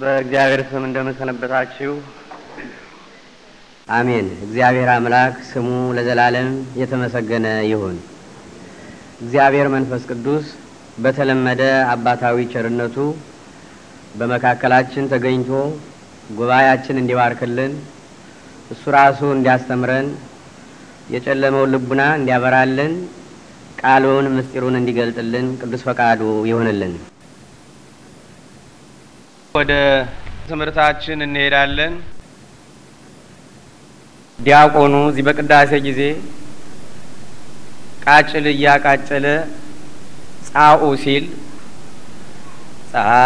በእግዚአብሔር ስም እንደምንሰነበታችሁ። አሜን። እግዚአብሔር አምላክ ስሙ ለዘላለም የተመሰገነ ይሁን። እግዚአብሔር መንፈስ ቅዱስ በተለመደ አባታዊ ቸርነቱ በመካከላችን ተገኝቶ ጉባኤያችን እንዲባርክልን እሱ ራሱ እንዲያስተምረን የጨለመውን ልቡና እንዲያበራልን ቃሉን ምስጢሩን እንዲገልጥልን ቅዱስ ፈቃዱ ይሆንልን። ወደ ትምህርታችን እንሄዳለን። ዲያቆኑ እዚህ በቅዳሴ ጊዜ ቃጭል እያቃጨለ ጻኡ ሲል ጻኡ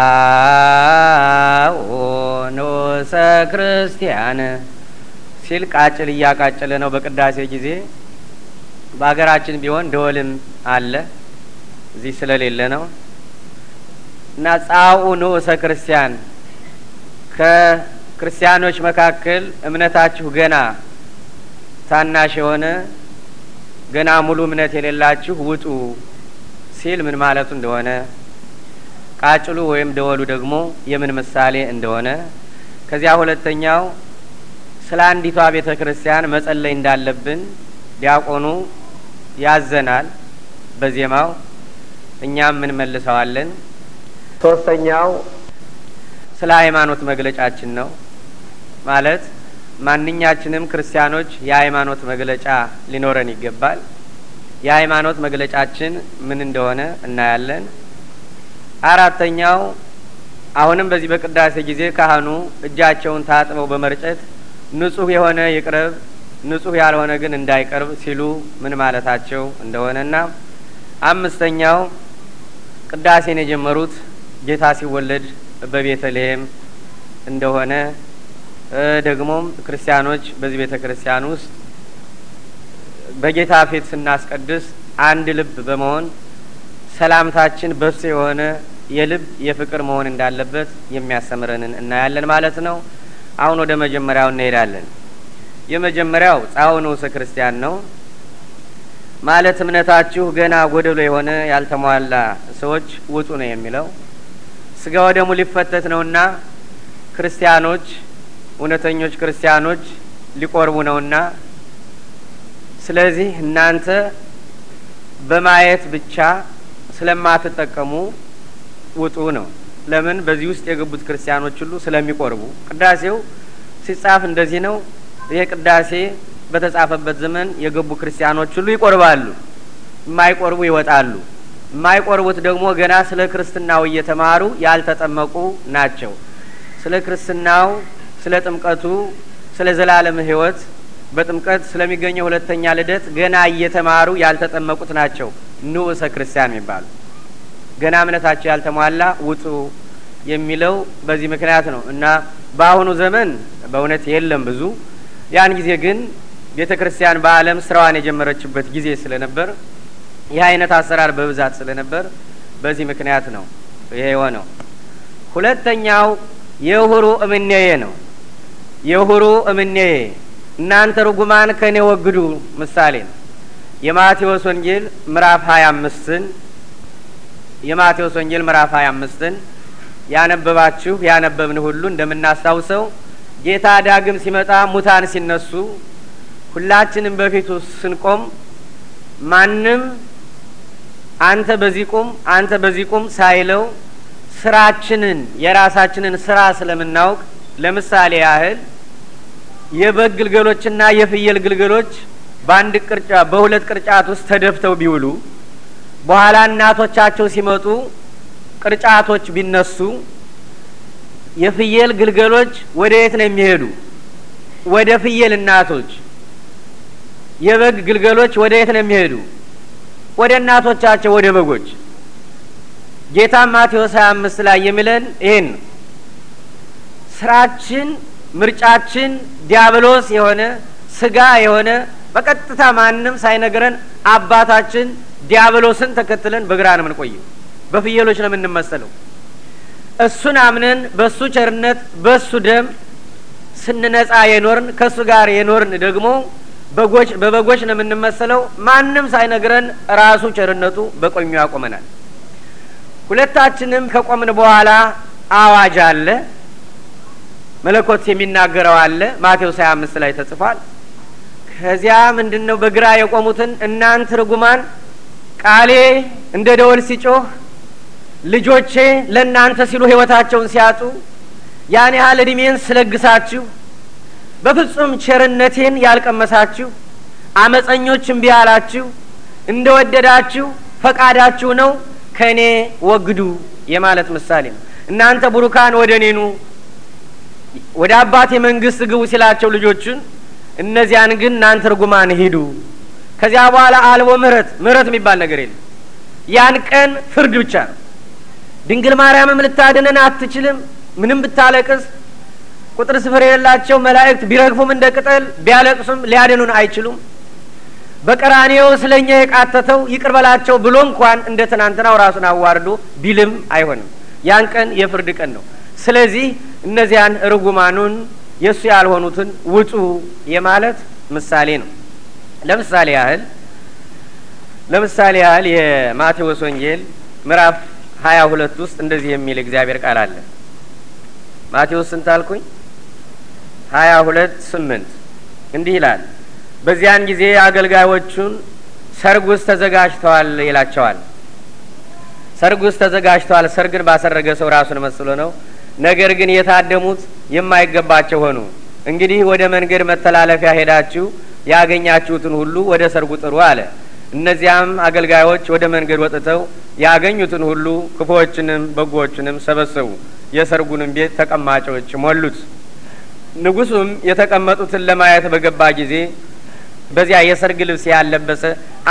ንዑሰ ክርስቲያን ሲል ቃጭል እያቃጨለ ነው በቅዳሴ ጊዜ። በሀገራችን ቢሆን ደወልም አለ፣ እዚህ ስለሌለ ነው። እና ንኡሰ ንዑሰ ክርስቲያን ከክርስቲያኖች መካከል እምነታችሁ ገና ታናሽ የሆነ ገና ሙሉ እምነት የሌላችሁ ውጡ ሲል ምን ማለቱ እንደሆነ ቃጭሉ ወይም ደወሉ ደግሞ የምን ምሳሌ እንደሆነ ከዚያ ሁለተኛው ስለ አንዲቷ ቤተ ክርስቲያን መጸለይ እንዳለብን ዲያቆኑ ያዘናል በዜማው እኛም ምንመልሰዋለን። ሶስተኛው ስለ ሃይማኖት መግለጫችን ነው። ማለት ማንኛችንም ክርስቲያኖች የሃይማኖት መግለጫ ሊኖረን ይገባል። የሃይማኖት መግለጫችን ምን እንደሆነ እናያለን። አራተኛው አሁንም በዚህ በቅዳሴ ጊዜ ካህኑ እጃቸውን ታጥበው በመርጨት ንጹህ የሆነ ይቅረብ፣ ንጹህ ያልሆነ ግን እንዳይቀርብ ሲሉ ምን ማለታቸው እንደሆነና አምስተኛው ቅዳሴን የጀመሩት ጌታ ሲወለድ በቤተልሔም እንደሆነ ደግሞም ክርስቲያኖች በዚህ ቤተ ክርስቲያን ውስጥ በጌታ ፊት ስናስቀድስ አንድ ልብ በመሆን ሰላምታችን በሱ የሆነ የልብ የፍቅር መሆን እንዳለበት የሚያስተምረንን እናያለን ማለት ነው። አሁን ወደ መጀመሪያው እንሄዳለን። የመጀመሪያው ጻው ንዑሰ ክርስቲያን ነው ማለት እምነታችሁ ገና ጎደሎ የሆነ ያልተሟላ ሰዎች ውጡ ነው የሚለው። ስጋ ወደሙ ሊፈተት ነውና ክርስቲያኖች እውነተኞች ክርስቲያኖች ሊቆርቡ ነውና ስለዚህ እናንተ በማየት ብቻ ስለማትጠቀሙ ውጡ ነው። ለምን በዚህ ውስጥ የገቡት ክርስቲያኖች ሁሉ ስለሚቆርቡ። ቅዳሴው ሲጻፍ እንደዚህ ነው። ይሄ ቅዳሴ በተጻፈበት ዘመን የገቡ ክርስቲያኖች ሁሉ ይቆርባሉ፣ የማይቆርቡ ይወጣሉ። የማይቆርቡት ደግሞ ገና ስለ ክርስትናው እየተማሩ ያልተጠመቁ ናቸው። ስለ ክርስትናው፣ ስለ ጥምቀቱ፣ ስለ ዘላለም ሕይወት በጥምቀት ስለሚገኘው ሁለተኛ ልደት ገና እየተማሩ ያልተጠመቁት ናቸው ንዑሰ ክርስቲያን የሚባሉ። ገና እምነታቸው ያልተሟላ ውጡ የሚለው በዚህ ምክንያት ነው እና በአሁኑ ዘመን በእውነት የለም ብዙ። ያን ጊዜ ግን ቤተ ክርስቲያን በዓለም ስራዋን የጀመረችበት ጊዜ ስለነበር ይህ አይነት አሰራር በብዛት ስለነበር በዚህ ምክንያት ነው ይሄ የሆነው። ሁለተኛው የሁሩ እምኔዬ ነው። የሁሩ እምኔዬ እናንተ ርጉማን ከእኔ ወግዱ ምሳሌ ነው። የማቴዎስ ወንጌል ምዕራፍ ሀያ አምስትን የማቴዎስ ወንጌል ምዕራፍ ሀያ አምስትን ያነበባችሁ ያነበብን ሁሉ እንደምናስታውሰው ጌታ ዳግም ሲመጣ ሙታን ሲነሱ ሁላችንም በፊቱ ስንቆም ማንም አንተ በዚህ ቁም፣ አንተ በዚህ ቁም ሳይለው ስራችንን የራሳችንን ስራ ስለምናውቅ ለምሳሌ ያህል የበግ ግልገሎችና የፍየል ግልገሎች በአንድ ቅርጫ በሁለት ቅርጫት ውስጥ ተደፍተው ቢውሉ በኋላ እናቶቻቸው ሲመጡ ቅርጫቶች ቢነሱ የፍየል ግልገሎች ወደ የት ነው የሚሄዱ? ወደ ፍየል እናቶች። የበግ ግልገሎች ወደ የት ነው የሚሄዱ? ወደ እናቶቻቸው ወደ በጎች ጌታ ማቴዎስ ሀያ አምስት ላይ የሚለን ይሄን ነው። ስራችን ምርጫችን ዲያብሎስ የሆነ ስጋ የሆነ በቀጥታ ማንም ሳይነግረን አባታችን ዲያብሎስን ተከትለን በግራ ነው የምንቆየው። በፍየሎች ነው የምንመሰለው። እሱን አምነን በእሱ ቸርነት በእሱ ደም ስንነጻ የኖርን ከእሱ ጋር የኖርን ደግሞ በጎች በበጎች ነው የምንመስለው ማንም ሳይነግረን ራሱ ቸርነቱ በቀኙ ያቆመናል። ሁለታችንም ከቆምን በኋላ አዋጅ አለ፣ መለኮት የሚናገረው አለ። ማቴዎስ 25 ላይ ተጽፏል። ከዚያ ምንድን ነው በግራ የቆሙትን እናንት ርጉማን ቃሌ እንደ ደወል ሲጮህ ልጆቼ ለእናንተ ሲሉ ህይወታቸውን ሲያጡ ያን ያህል እድሜን ስለግሳችሁ በፍጹም ቸርነቴን ያልቀመሳችሁ አመፀኞች እምቢ እንደወደዳችሁ እንደ ወደዳችሁ ፈቃዳችሁ ነው ከእኔ ወግዱ የማለት ምሳሌ ነው። እናንተ ቡሩካን ወደ እኔኑ ወደ አባቴ መንግስት ግቡ ሲላቸው ልጆቹን፣ እነዚያን ግን እናንተ ርጉማን ሂዱ። ከዚያ በኋላ አልቦ ምህረት ምህረት የሚባል ነገር የለም። ያን ቀን ፍርድ ብቻ ነው። ድንግል ማርያምም ልታድነን አትችልም። ምንም ብታለቅስ ቁጥር ስፍር የሌላቸው መላእክት ቢረግፉም እንደ ቅጠል ቢያለቅሱም ሊያድኑን አይችሉም። በቀራኔው ስለ እኛ የቃተተው ይቅር በላቸው ብሎ እንኳን እንደ ትናንትናው ራሱን አዋርዶ ቢልም አይሆንም። ያን ቀን የፍርድ ቀን ነው። ስለዚህ እነዚያን ርጉማኑን የእሱ ያልሆኑትን ውጡ የማለት ምሳሌ ነው። ለምሳሌ ያህል ለምሳሌ ያህል የማቴዎስ ወንጌል ምዕራፍ ሀያ ሁለት ውስጥ እንደዚህ የሚል እግዚአብሔር ቃል አለ። ማቴዎስ ስንት አልኩኝ? ሀያ ሁለት ስምንት እንዲህ ይላል። በዚያን ጊዜ አገልጋዮቹን ሰርግ ውስጥ ተዘጋጅተዋል ይላቸዋል። ሰርግ ውስጥ ተዘጋጅተዋል። ሰርግን ባሰረገ ሰው ራሱን መስሎ ነው። ነገር ግን የታደሙት የማይገባቸው ሆኑ። እንግዲህ ወደ መንገድ መተላለፊያ ሄዳችሁ ያገኛችሁትን ሁሉ ወደ ሰርጉ ጥሩ አለ። እነዚያም አገልጋዮች ወደ መንገድ ወጥተው ያገኙትን ሁሉ ክፉዎችንም በጎዎችንም ሰበሰቡ። የሰርጉንም ቤት ተቀማጮች ሞሉት። ንጉሱም የተቀመጡትን ለማየት በገባ ጊዜ በዚያ የሰርግ ልብስ ያለበሰ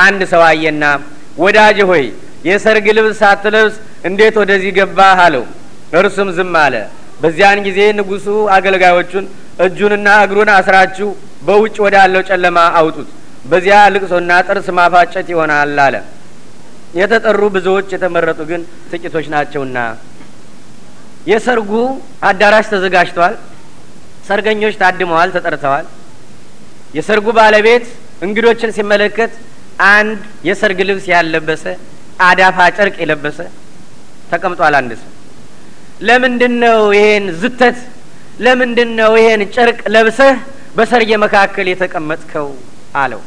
አንድ ሰው አየና፣ ወዳጅ ሆይ የሰርግ ልብስ ሳትለብስ እንዴት ወደዚህ ገባህ? አለው። እርሱም ዝም አለ። በዚያን ጊዜ ንጉሱ አገልጋዮቹን እጁንና እግሩን አስራችሁ በውጭ ወዳለው ጨለማ አውጡት፣ በዚያ ልቅሶና ጥርስ ማፋጨት ይሆናል አለ። የተጠሩ ብዙዎች፣ የተመረጡ ግን ጥቂቶች ናቸውና የሰርጉ አዳራሽ ተዘጋጅቷል። ሰርገኞች ታድመዋል፣ ተጠርተዋል። የሰርጉ ባለቤት እንግዶችን ሲመለከት አንድ የሰርግ ልብስ ያለበሰ አዳፋ ጨርቅ የለበሰ ተቀምጧል። አንድ ሰው ለምንድን ነው ይሄን ዝተት፣ ለምንድን ነው ይሄን ጨርቅ ለብሰህ በሰርጌ መካከል የተቀመጥከው አለው።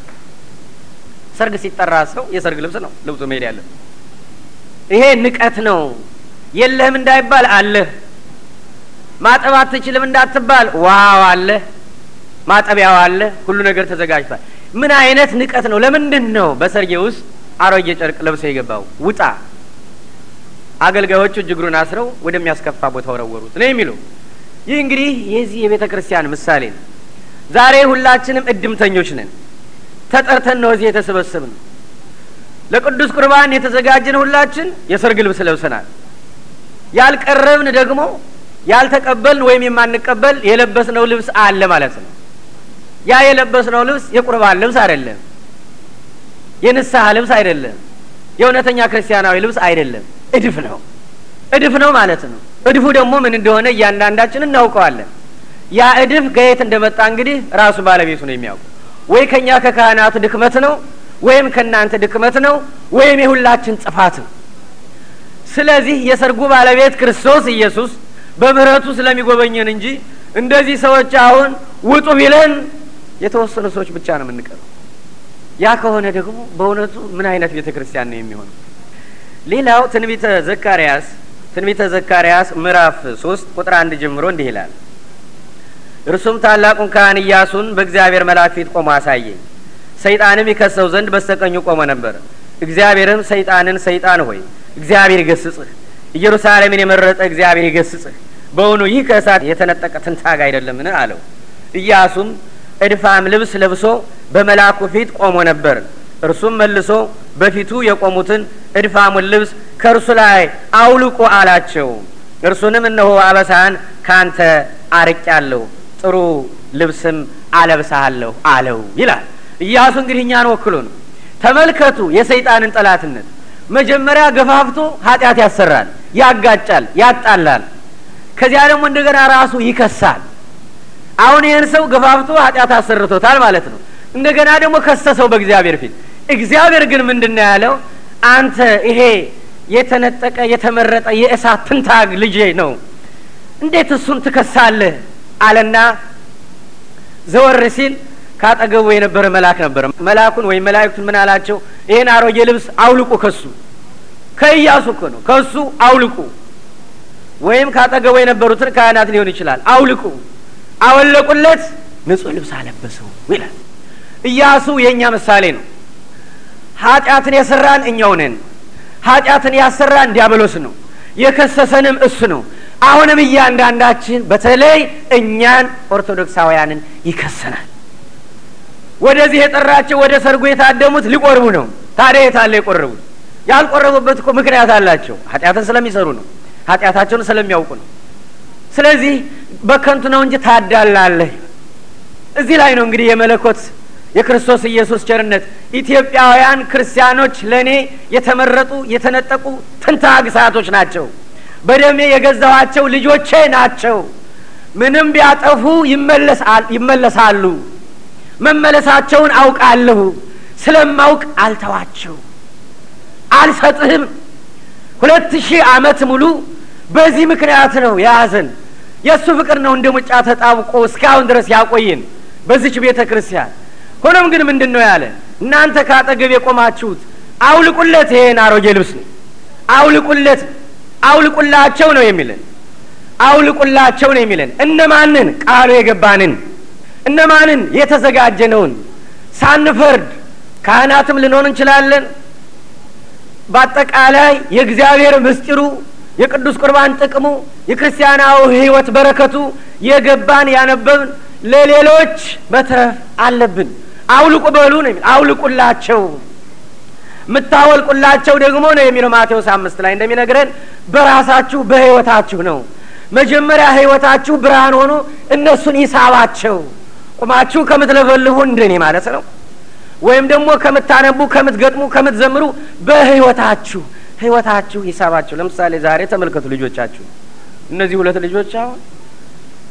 ሰርግ ሲጠራ ሰው የሰርግ ልብስ ነው ልብሱ መሄድ ያለ ይሄ ንቀት ነው፣ የለህም እንዳይባል አለህ ማጠብ አትችልም እንዳትባል፣ ውሃው አለ፣ ማጠቢያው አለ፣ ሁሉ ነገር ተዘጋጅቷል። ምን አይነት ንቀት ነው! ለምንድን ነው በሰርጌ ውስጥ አሮጌ ጨርቅ ለብሰ የገባው? ውጣ! አገልጋዮቹ እጅግሩን አስረው ወደሚያስከፋ ቦታ ወረወሩት ነው የሚሉ። ይህ እንግዲህ የዚህ የቤተ ክርስቲያን ምሳሌ ነው። ዛሬ ሁላችንም እድምተኞች ነን። ተጠርተን ነው እዚህ የተሰበሰብን። ለቅዱስ ቁርባን የተዘጋጀን ሁላችን የሰርግ ልብስ ለብሰናል። ያልቀረብን ደግሞ ያልተቀበልን ወይም የማንቀበል የለበስነው ልብስ አለ ማለት ነው። ያ የለበስነው ልብስ የቁርባን ልብስ አይደለም፣ የንስሐ ልብስ አይደለም፣ የእውነተኛ ክርስቲያናዊ ልብስ አይደለም። እድፍ ነው፣ እድፍ ነው ማለት ነው። እድፉ ደግሞ ምን እንደሆነ እያንዳንዳችን እናውቀዋለን። ያ እድፍ ከየት እንደመጣ እንግዲህ ራሱ ባለቤቱ ነው የሚያውቁ። ወይ ከእኛ ከካህናቱ ድክመት ነው ወይም ከእናንተ ድክመት ነው ወይም የሁላችን ጥፋት ነው። ስለዚህ የሰርጉ ባለቤት ክርስቶስ ኢየሱስ በምህረቱ ስለሚጎበኘን እንጂ እንደዚህ ሰዎች አሁን ውጡ ቢለን የተወሰኑ ሰዎች ብቻ ነው የምንቀረው። ያ ከሆነ ደግሞ በእውነቱ ምን አይነት ቤተ ክርስቲያን ነው የሚሆነው? ሌላው ትንቢተ ዘካርያስ ትንቢተ ዘካርያስ ምዕራፍ ሶስት ቁጥር አንድ ጀምሮ እንዲህ ይላል እርሱም ታላቁን ካህን ኢያሱን በእግዚአብሔር መልአክ ፊት ቆሞ አሳየኝ። ሰይጣንም ይከሰው ዘንድ በስተቀኙ ቆመ ነበር። እግዚአብሔርም ሰይጣንን ሰይጣን ሆይ እግዚአብሔር ይገስጽህ ኢየሩሳሌምን የመረጠ እግዚአብሔር ይገስጽህ፣ በውኑ ይህ ከእሳት የተነጠቀ ትንታግ አይደለምን? አለው። እያሱም እድፋም ልብስ ለብሶ በመላኩ ፊት ቆሞ ነበር። እርሱም መልሶ በፊቱ የቆሙትን እድፋሙን ልብስ ከእርሱ ላይ አውልቁ አላቸው። እርሱንም እነሆ አበሳን ካንተ አርቅያለሁ ጥሩ ልብስም አለብሳሃለሁ አለው ይላል። እያሱ እንግዲህ እኛን ወክሎ ነው። ተመልከቱ የሰይጣንን ጠላትነት መጀመሪያ ገፋፍቶ ኃጢአት ያሰራል፣ ያጋጫል፣ ያጣላል። ከዚያ ደግሞ እንደገና ራሱ ይከሳል። አሁን ይህን ሰው ገፋፍቶ ኃጢአት አሰርቶታል ማለት ነው። እንደገና ደግሞ ከሰሰው በእግዚአብሔር ፊት። እግዚአብሔር ግን ምንድን ነው ያለው? አንተ ይሄ የተነጠቀ የተመረጠ የእሳት ትንታግ ልጄ ነው፣ እንዴት እሱን ትከሳለህ? አለና ዘወር ሲል ካጠገቡ የነበረ መልአክ ነበረ። መልአኩን ወይም መላእክቱን ምን አላቸው? ይህን አሮጌ ልብስ አውልቁ። ከሱ ከኢያሱ እኮ ነው። ከሱ አውልቁ። ወይም ካጠገቡ የነበሩትን ካህናት ሊሆን ይችላል። አውልቁ። አወለቁለት፣ ንጹህ ልብስ አለበሰው ይላል። ኢያሱ የእኛ ምሳሌ ነው። ኃጢአትን የሰራን እኛው ነን። ኃጢአትን ያሰራን ዲያብሎስ ነው። የከሰሰንም እሱ ነው። አሁንም እያንዳንዳችን በተለይ እኛን ኦርቶዶክሳውያንን ይከሰናል። ወደዚህ የጠራቸው ወደ ሰርጉ የታደሙት ሊቆርቡ ነው። ታዲያ የታለ የቆረቡት? ያልቆረቡበት እኮ ምክንያት አላቸው። ኃጢአትን ስለሚሰሩ ነው። ኃጢአታቸውን ስለሚያውቁ ነው። ስለዚህ በከንቱ ነው እንጂ ታዳላለህ። እዚህ ላይ ነው እንግዲህ የመለኮት የክርስቶስ ኢየሱስ ቸርነት ኢትዮጵያውያን ክርስቲያኖች ለእኔ የተመረጡ የተነጠቁ ትንታግ ናቸው። በደሜ የገዛኋቸው ልጆቼ ናቸው። ምንም ቢያጠፉ ይመለሳሉ። መመለሳቸውን አውቃለሁ። ስለማውቅ አልተዋቸው አልሰጥህም። ሁለት ሺህ አመት ሙሉ በዚህ ምክንያት ነው የያዘን። የእሱ ፍቅር ነው እንደ ሙጫ ተጣብቆ እስካሁን ድረስ ያቆይን በዚች ቤተ ክርስቲያን። ሆኖም ግን ምንድን ነው ያለ? እናንተ ከአጠገብ የቆማችሁት አውልቁለት፣ ይሄን አሮጌ ልብስ ነው አውልቁለት፣ አውልቁላቸው ነው የሚለን አውልቁላቸው ነው የሚለን እነማንን? ቃሉ የገባንን እነማንን? ነውን? ሳንፈርድ ካህናትም ልንሆን እንችላለን። በአጠቃላይ የእግዚአብሔር ምስጢሩ፣ የቅዱስ ቁርባን ጥቅሙ፣ የክርስቲያናዊ ህይወት በረከቱ የገባን ያነበብን ለሌሎች መትረፍ አለብን። አውልቁ በሉ ነው የሚል አውልቁላቸው ምታወልቁላቸው ደግሞ ነው የሚለው ማቴዎስ አምስት ላይ እንደሚነግረን በራሳችሁ በህይወታችሁ ነው። መጀመሪያ ህይወታችሁ ብርሃን ሆኖ እነሱን ይሳባቸው። ቁማችሁ ከምትለፈልፉ እንደኔ ማለት ነው። ወይም ደግሞ ከምታነቡ፣ ከምትገጥሙ፣ ከምትዘምሩ በህይወታችሁ ህይወታችሁ ሂሳባችሁ ለምሳሌ ዛሬ ተመልከቱ ልጆቻችሁ እነዚህ ሁለት ልጆች አሁን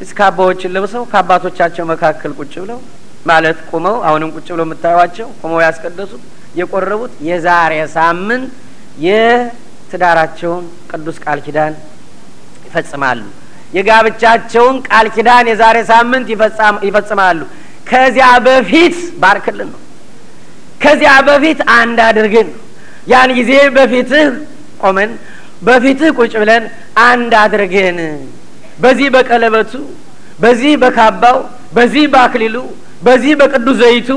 እስከ አባዎችን ለብሰው ከአባቶቻቸው መካከል ቁጭ ብለው ማለት ቁመው አሁንም ቁጭ ብለው የምታዩቸው ቁመው ያስቀደሱት የቆረቡት የዛሬ ሳምንት የትዳራቸውን ቅዱስ ቃል ኪዳን ይፈጽማሉ። የጋብቻቸውን ቃል ኪዳን የዛሬ ሳምንት ይፈጽማሉ። ከዚያ በፊት ባርክልን ነው። ከዚያ በፊት አንድ አድርግን ነው። ያን ጊዜ በፊትህ ቆመን በፊትህ ቁጭ ብለን አንድ አድርገን በዚህ በቀለበቱ፣ በዚህ በካባው፣ በዚህ በአክሊሉ፣ በዚህ በቅዱስ ዘይቱ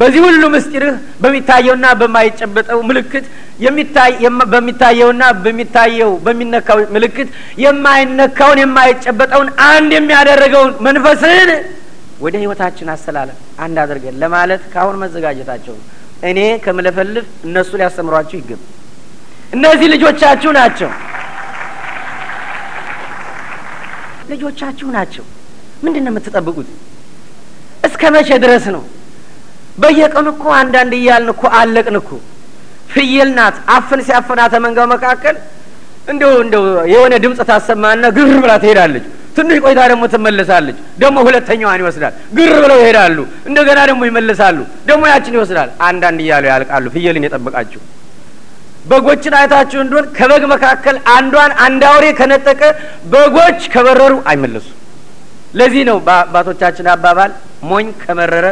በዚህ ሁሉ ምስጢርህ በሚታየውና በማይጨበጠው ምልክት በሚታየውና በሚታየው በሚነካው ምልክት የማይነካውን የማይጨበጠውን አንድ የሚያደረገውን መንፈስህን ወደ ህይወታችን አስተላለፍ አንድ አድርገን ለማለት ከአሁን መዘጋጀታቸው እኔ ከምለፈልፍ እነሱ ሊያስተምሯቸው ይገብ እነዚህ ልጆቻችሁ ናቸው፣ ልጆቻችሁ ናቸው። ምንድን ነው የምትጠብቁት? እስከ መቼ ድረስ ነው? በየቀኑ እኮ አንዳንድ እያልን እኮ አለቅን እኮ። ፍየል ናት አፍን ሲያፈናተ መንጋው መካከል እንደው እንደው የሆነ ድምጽ ታሰማና ግር ብላ ትሄዳለች። ትንሽ ቆይታ ደግሞ ትመለሳለች። ደግሞ ሁለተኛዋን ይወስዳል። ግር ብለው ይሄዳሉ። እንደገና ደግሞ ይመለሳሉ። ደግሞ ያችን ይወስዳል። አንዳንድ እያሉ ያልቃሉ። ፍየልን የጠበቃችሁ በጎችን አይታችሁ እንደሆን ከበግ መካከል አንዷን አንድ አውሬ ከነጠቀ በጎች ከበረሩ አይመለሱም። ለዚህ ነው በአባቶቻችን አባባል ሞኝ ከመረረ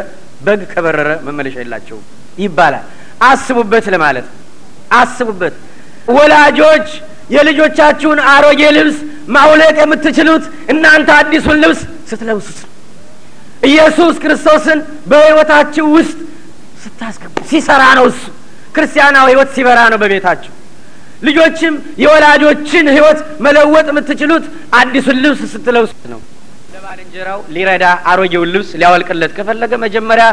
በግ ከበረረ መመለሻ የላቸው ይባላል። አስቡበት ለማለት አስቡበት። ወላጆች የልጆቻችሁን አሮጌ ልብስ ማውለቅ የምትችሉት እናንተ አዲሱን ልብስ ስትለብሱት ነው። ኢየሱስ ክርስቶስን በሕይወታችሁ ውስጥ ስታስገቡ ሲሰራ ነው። እሱ ክርስቲያናዊ ሕይወት ሲበራ ነው በቤታችሁ። ልጆችም የወላጆችን ሕይወት መለወጥ የምትችሉት አዲሱን ልብስ ስትለብሱት ነው። እንጀራው ሊረዳ አሮጌውን ልብስ ሊያወልቅለት ከፈለገ መጀመሪያ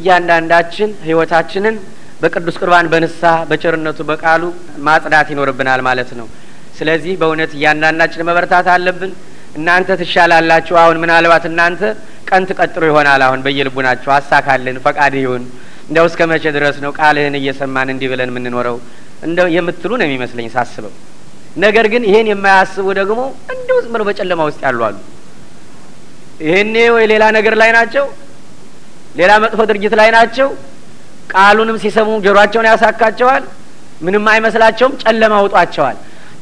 እያንዳንዳችን ህይወታችንን በቅዱስ ቁርባን በንሳ በቸርነቱ በቃሉ ማጽዳት ይኖርብናል ማለት ነው። ስለዚህ በእውነት እያንዳንዳችን መበረታት አለብን። እናንተ ትሻላላችሁ። አሁን ምናልባት እናንተ ቀን ትቀጥሩ ይሆናል። አሁን በየልቡናችሁ አሳካልን፣ ፈቃድ ይሁን፣ እንደው እስከ መቼ ድረስ ነው ቃልህን እየሰማን እንዲህ ብለን የምንኖረው እንደው የምትሉ ነው የሚመስለኝ ሳስበው። ነገር ግን ይሄን የማያስቡ ደግሞ እንዲሁ ዝም ብለው በጨለማ ውስጥ ያሉ አሉ። ይህኔ ወይ ሌላ ነገር ላይ ናቸው፣ ሌላ መጥፎ ድርጊት ላይ ናቸው። ቃሉንም ሲሰሙ ጆሯቸውን ያሳካቸዋል። ምንም አይመስላቸውም፣ ጨለማ ውጧቸዋል።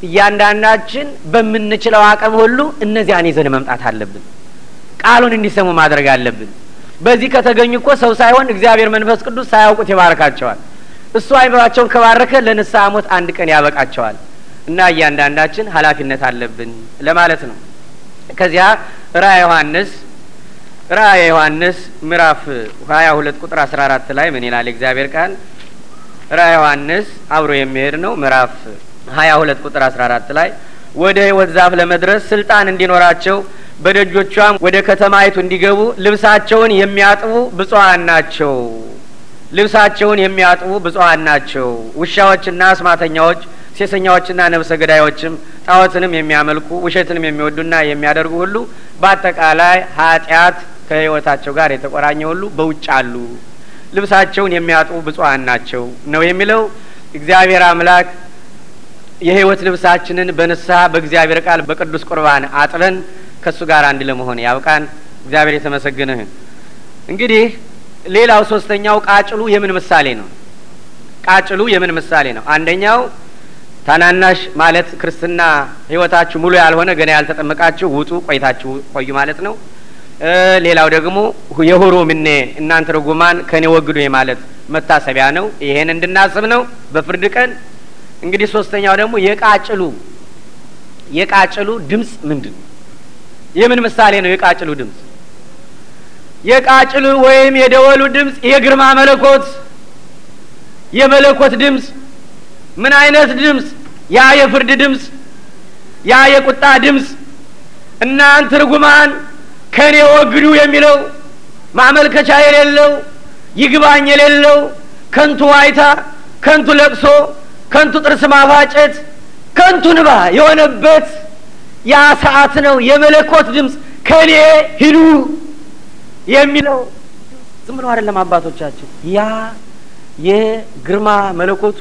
እያንዳንዳችን በምንችለው አቅም ሁሉ እነዚያን ይዘን መምጣት አለብን። ቃሉን እንዲሰሙ ማድረግ አለብን። በዚህ ከተገኙ እኮ ሰው ሳይሆን እግዚአብሔር መንፈስ ቅዱስ ሳያውቁት ይባርካቸዋል። እሱ አይምሯቸውን ከባረከ ለንስሐ ሞት አንድ ቀን ያበቃቸዋል። እና እያንዳንዳችን ኃላፊነት አለብን ለማለት ነው። ከዚያ ራ ዮሐንስ ራ ዮሐንስ ምዕራፍ ሀያ ሁለት ቁጥር አስራ አራት ላይ ምን ይላል እግዚአብሔር ቃል? ራ ዮሐንስ አብሮ የሚሄድ ነው። ምዕራፍ ሀያ ሁለት ቁጥር አስራ አራት ላይ ወደ ሕይወት ዛፍ ለመድረስ ስልጣን እንዲኖራቸው በደጆቿም ወደ ከተማይቱ እንዲገቡ ልብሳቸውን የሚያጥቡ ብፁዓን ናቸው። ልብሳቸውን የሚያጥቡ ብፁዓን ናቸው። ውሻዎችና አስማተኛዎች ሴሰኛዎችና ነብሰ ገዳዮችም ጣዖትንም የሚያመልኩ ውሸትንም የሚወዱና የሚያደርጉ ሁሉ በአጠቃላይ ኃጢአት ከህይወታቸው ጋር የተቆራኘ ሁሉ በውጭ አሉ፣ ልብሳቸውን የሚያጡ ብፁዓን ናቸው ነው የሚለው። እግዚአብሔር አምላክ የህይወት ልብሳችንን በንስሐ በእግዚአብሔር ቃል በቅዱስ ቁርባን አጥበን ከእሱ ጋር አንድ ለመሆን ያብቃን። እግዚአብሔር የተመሰግንህ እንግዲህ ሌላው ሶስተኛው ቃጭሉ የምን ምሳሌ ነው? ቃጭሉ የምን ምሳሌ ነው? አንደኛው ታናናሽ ማለት ክርስትና ህይወታችሁ ሙሉ ያልሆነ ገና ያልተጠመቃችሁ ውጡ፣ ቆይታችሁ ቆዩ ማለት ነው። ሌላው ደግሞ የሁሩ ምኔ እናንተ ርጉማን ከኔ ወግዱ ማለት መታሰቢያ ነው። ይሄን እንድናስብ ነው በፍርድ ቀን። እንግዲህ ሶስተኛው ደግሞ የቃጭሉ የቃጭሉ ድምፅ ምንድን ነው? የምን ምሳሌ ነው የቃጭሉ ድምፅ? የቃጭሉ ወይም የደወሉ ድምፅ የግርማ መለኮት የመለኮት ድምፅ ምን አይነት ድምፅ? ያ የፍርድ ድምፅ፣ ያ የቁጣ ድምፅ። እናንተ ርጉማን ከእኔ ወግዱ የሚለው ማመልከቻ የሌለው ይግባኝ የሌለው ከንቱ ዋይታ፣ ከንቱ ለቅሶ፣ ከንቱ ጥርስ ማፋጨት፣ ከንቱ ንባ የሆነበት ያ ሰዓት ነው። የመለኮት ድምፅ ከእኔ ሂዱ የሚለው ዝም ብሎ አይደለም አባቶቻችን ያ የግርማ መለኮቱ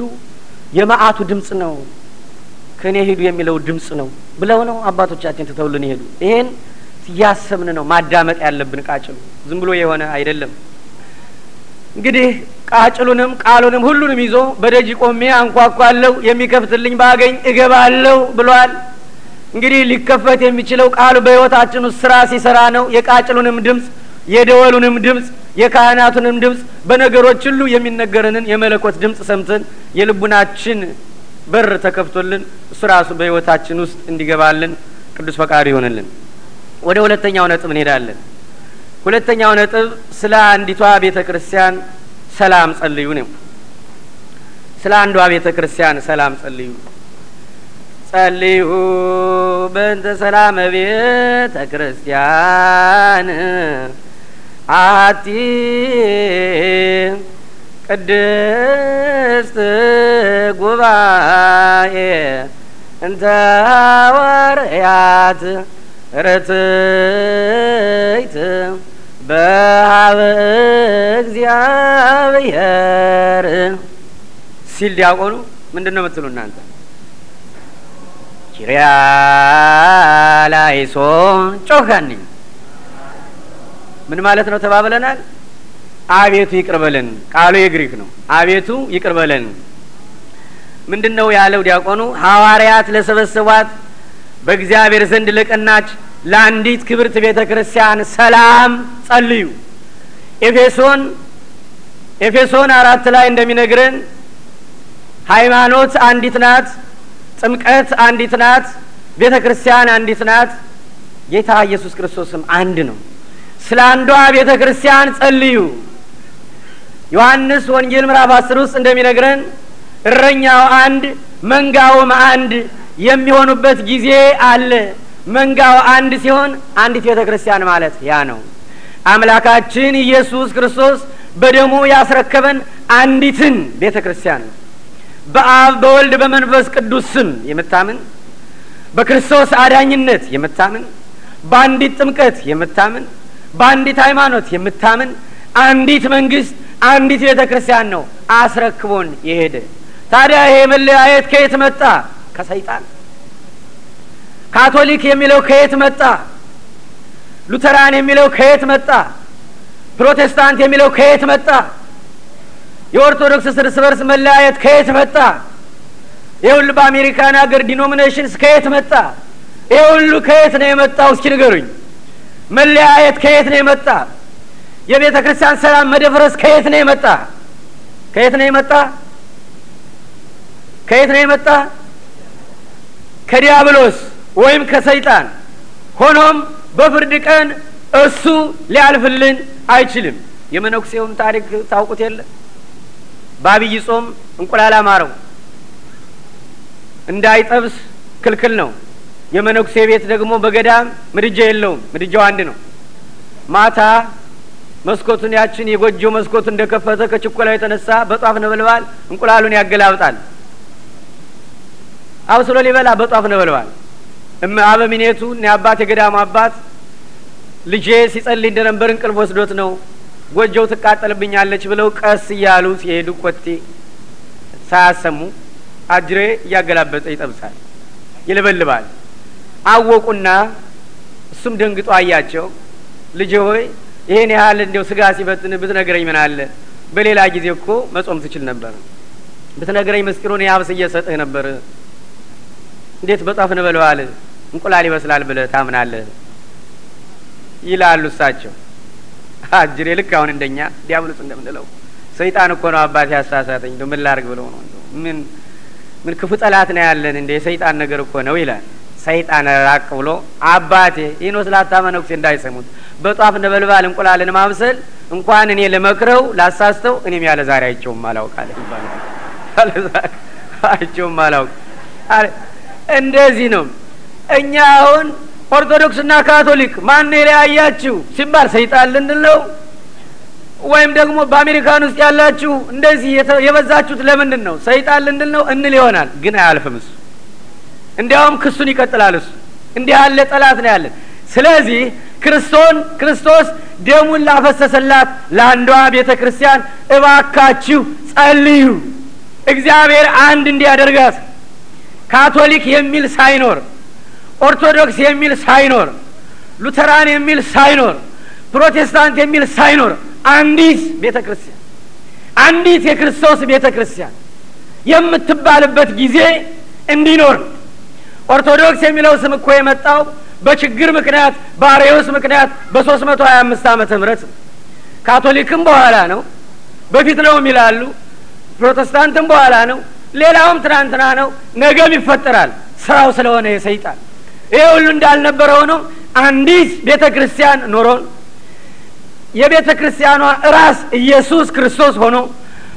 የመዓቱ ድምጽ ነው ከእኔ ሄዱ የሚለው ድምፅ ነው ብለው ነው አባቶቻችን ትተውልን ይሄዱ ይሄን እያሰብን ነው ማዳመጥ ያለብን። ቃጭሉ ዝም ብሎ የሆነ አይደለም። እንግዲህ ቃጭሉንም ቃሉንም ሁሉንም ይዞ በደጅ ቆሜ አንኳኳለሁ የሚከፍትልኝ ባገኝ እገባለሁ ብሏል። እንግዲህ ሊከፈት የሚችለው ቃሉ በህይወታችን ውስጥ ስራ ሲሰራ ነው። የቃጭሉንም ድምፅ የደወሉንም ድምፅ የካህናቱንም ድምፅ በነገሮች ሁሉ የሚነገረንን የመለኮት ድምፅ ሰምተን የልቡናችን በር ተከፍቶልን እሱ ራሱ በሕይወታችን ውስጥ እንዲገባልን ቅዱስ ፈቃዱ ይሆንልን። ወደ ሁለተኛው ነጥብ እንሄዳለን። ሁለተኛው ነጥብ ስለ አንዲቷ ቤተ ክርስቲያን ሰላም ጸልዩ ነው። ስለ አንዷ ቤተ ክርስቲያን ሰላም ጸልዩ። ጸልዩ በእንተ ሰላም ቤተ ክርስቲያን አቲ ቅድስት ጉባኤ እንተ ወርያት ርትይት በሀበ እግዚአብሔር ሲል ዲያቆኑ ምንድን ነው የምትሉ እናንተ? ኪሪያ ላይሶ ጮኸንኝ ምን ማለት ነው ተባብለናል። አቤቱ ይቅርበልን ቃሉ የግሪክ ነው። አቤቱ ይቅርበልን ምንድን ነው ያለው ዲያቆኑ? ሐዋርያት ለሰበሰቧት በእግዚአብሔር ዘንድ ለቀናች ለአንዲት ክብርት ቤተ ክርስቲያን ሰላም ጸልዩ። ኤፌሶን ኤፌሶን አራት ላይ እንደሚነግረን ሃይማኖት አንዲት ናት፣ ጥምቀት አንዲት ናት፣ ቤተ ክርስቲያን አንዲት ናት፣ ጌታ ኢየሱስ ክርስቶስም አንድ ነው። ስለ አንዷ ቤተ ክርስቲያን ጸልዩ። ዮሐንስ ወንጌል ምዕራፍ አስር ውስጥ እንደሚነግረን እረኛው አንድ መንጋውም አንድ የሚሆኑበት ጊዜ አለ። መንጋው አንድ ሲሆን አንዲት ቤተ ክርስቲያን ማለት ያ ነው። አምላካችን ኢየሱስ ክርስቶስ በደሙ ያስረከበን አንዲትን ቤተ ክርስቲያን በአብ በወልድ በመንፈስ ቅዱስ ስም የምታምን በክርስቶስ አዳኝነት የምታምን በአንዲት ጥምቀት የምታምን በአንዲት ሃይማኖት የምታምን አንዲት መንግስት፣ አንዲት ቤተ ክርስቲያን ነው አስረክቦን የሄደ። ታዲያ ይሄ መለያየት ከየት መጣ? ከሰይጣን። ካቶሊክ የሚለው ከየት መጣ? ሉተራን የሚለው ከየት መጣ? ፕሮቴስታንት የሚለው ከየት መጣ? የኦርቶዶክስ እርስ በርስ መለያየት ከየት መጣ? ይህ ሁሉ በአሜሪካን ሀገር ዲኖሚኔሽንስ ከየት መጣ? ይህ ሁሉ ከየት ነው የመጣው? እስኪ ንገሩኝ። መለያየት ከየት ነው የመጣ? የቤተ ክርስቲያን ሰላም መደፍረስ ከየት ነው የመጣ? ከየት ነው የመጣ? ከየት ነው የመጣ? ከዲያብሎስ ወይም ከሰይጣን። ሆኖም በፍርድ ቀን እሱ ሊያልፍልን አይችልም። የመነኩሴውም ታሪክ ታውቁት የለ በአብይ ጾም እንቁላል አማረው እንዳይጠብስ ክልክል ነው። የመነኩሴ ቤት ደግሞ በገዳም ምድጃ የለውም። ምድጃው አንድ ነው። ማታ መስኮቱን ያችን የጎጆ መስኮት እንደከፈተ ከችኮላ የተነሳ በጧፍ ነበልባል እንቁላሉን ያገላብጣል። አብስሎ ሊበላ በጧፍ ነበልባል እም አበምኔቱ አባት የገዳሙ አባት ልጄ ሲጸልይ እንደነበር እንቅልፍ ወስዶት ነው ጎጆው ትቃጠልብኛለች ብለው ቀስ እያሉ ሲሄዱ ቆቴ ሳያሰሙ አጅሬ እያገላበጠ ይጠብሳል፣ ይለበልባል። አወቁና እሱም ደንግጦ አያቸው። ልጅ ሆይ ይሄን ያህል እንዲው ስጋ ሲበትን ብትነግረኝ ምን አለ? በሌላ ጊዜ እኮ መጾም ትችል ነበር። ብትነግረኝ ምስጢሩን ያብስ እየሰጥህ ነበር። እንዴት በጧፍ እንበለዋል እንቁላል ይበስላል ብለህ ታምናለህ? ይላሉ እሳቸው። አጅሬ ልክ አሁን እንደኛ ዲያብሎስ እንደምንለው ሰይጣን እኮ ነው አባት ያሳሳተኝ። እንደው ምን ላርግ ብለው ነው ምን ምን ክፉ ጠላት ነው ያለን እንደ የሰይጣን ነገር እኮ ነው ይላል። ሰይጣን ራቅ ብሎ አባቴ ይህን ወስላታ መነኩሴ እንዳይሰሙት በጧፍ ነበልባል እንቁላልን ማብሰል እንኳን እኔ ለመክረው ላሳስተው እኔም ያለ ዛሬ አይቸውም አላውቃለ አይቸውም አላውቅ እንደዚህ ነው። እኛ አሁን ኦርቶዶክስና ካቶሊክ ማን የለያያችሁ ሲባል ሰይጣን ልንል ነው። ወይም ደግሞ በአሜሪካን ውስጥ ያላችሁ እንደዚህ የበዛችሁት ለምንድን ነው ሰይጣን ልንል ነው እንል ይሆናል። ግን አያልፍም እሱ እንዲያውም ክሱን ይቀጥላል። እሱ እንዲህ ያለ ጠላት ነው ያለን። ስለዚህ ክርስቶን ክርስቶስ ደሙን ላፈሰሰላት ለአንዷ ቤተ ክርስቲያን እባካችሁ ጸልዩ። እግዚአብሔር አንድ እንዲያደርጋት ካቶሊክ የሚል ሳይኖር፣ ኦርቶዶክስ የሚል ሳይኖር፣ ሉተራን የሚል ሳይኖር፣ ፕሮቴስታንት የሚል ሳይኖር አንዲት ቤተ ክርስቲያን አንዲት የክርስቶስ ቤተ ክርስቲያን የምትባልበት ጊዜ እንዲኖር ኦርቶዶክስ የሚለው ስም እኮ የመጣው በችግር ምክንያት በአሬዎስ ምክንያት በሶስት መቶ ሀያ አምስት አመተ ምህረት ካቶሊክም በኋላ ነው፣ በፊት ነው የሚላሉ። ፕሮቴስታንትም በኋላ ነው፣ ሌላውም ትናንትና ነው፣ ነገም ይፈጠራል። ስራው ስለሆነ የሰይጣን ይሄ ሁሉ እንዳልነበረ ሆኖ አንዲት ቤተ ክርስቲያን ኖሮን የቤተ ክርስቲያኗ ራስ ኢየሱስ ክርስቶስ ሆኖ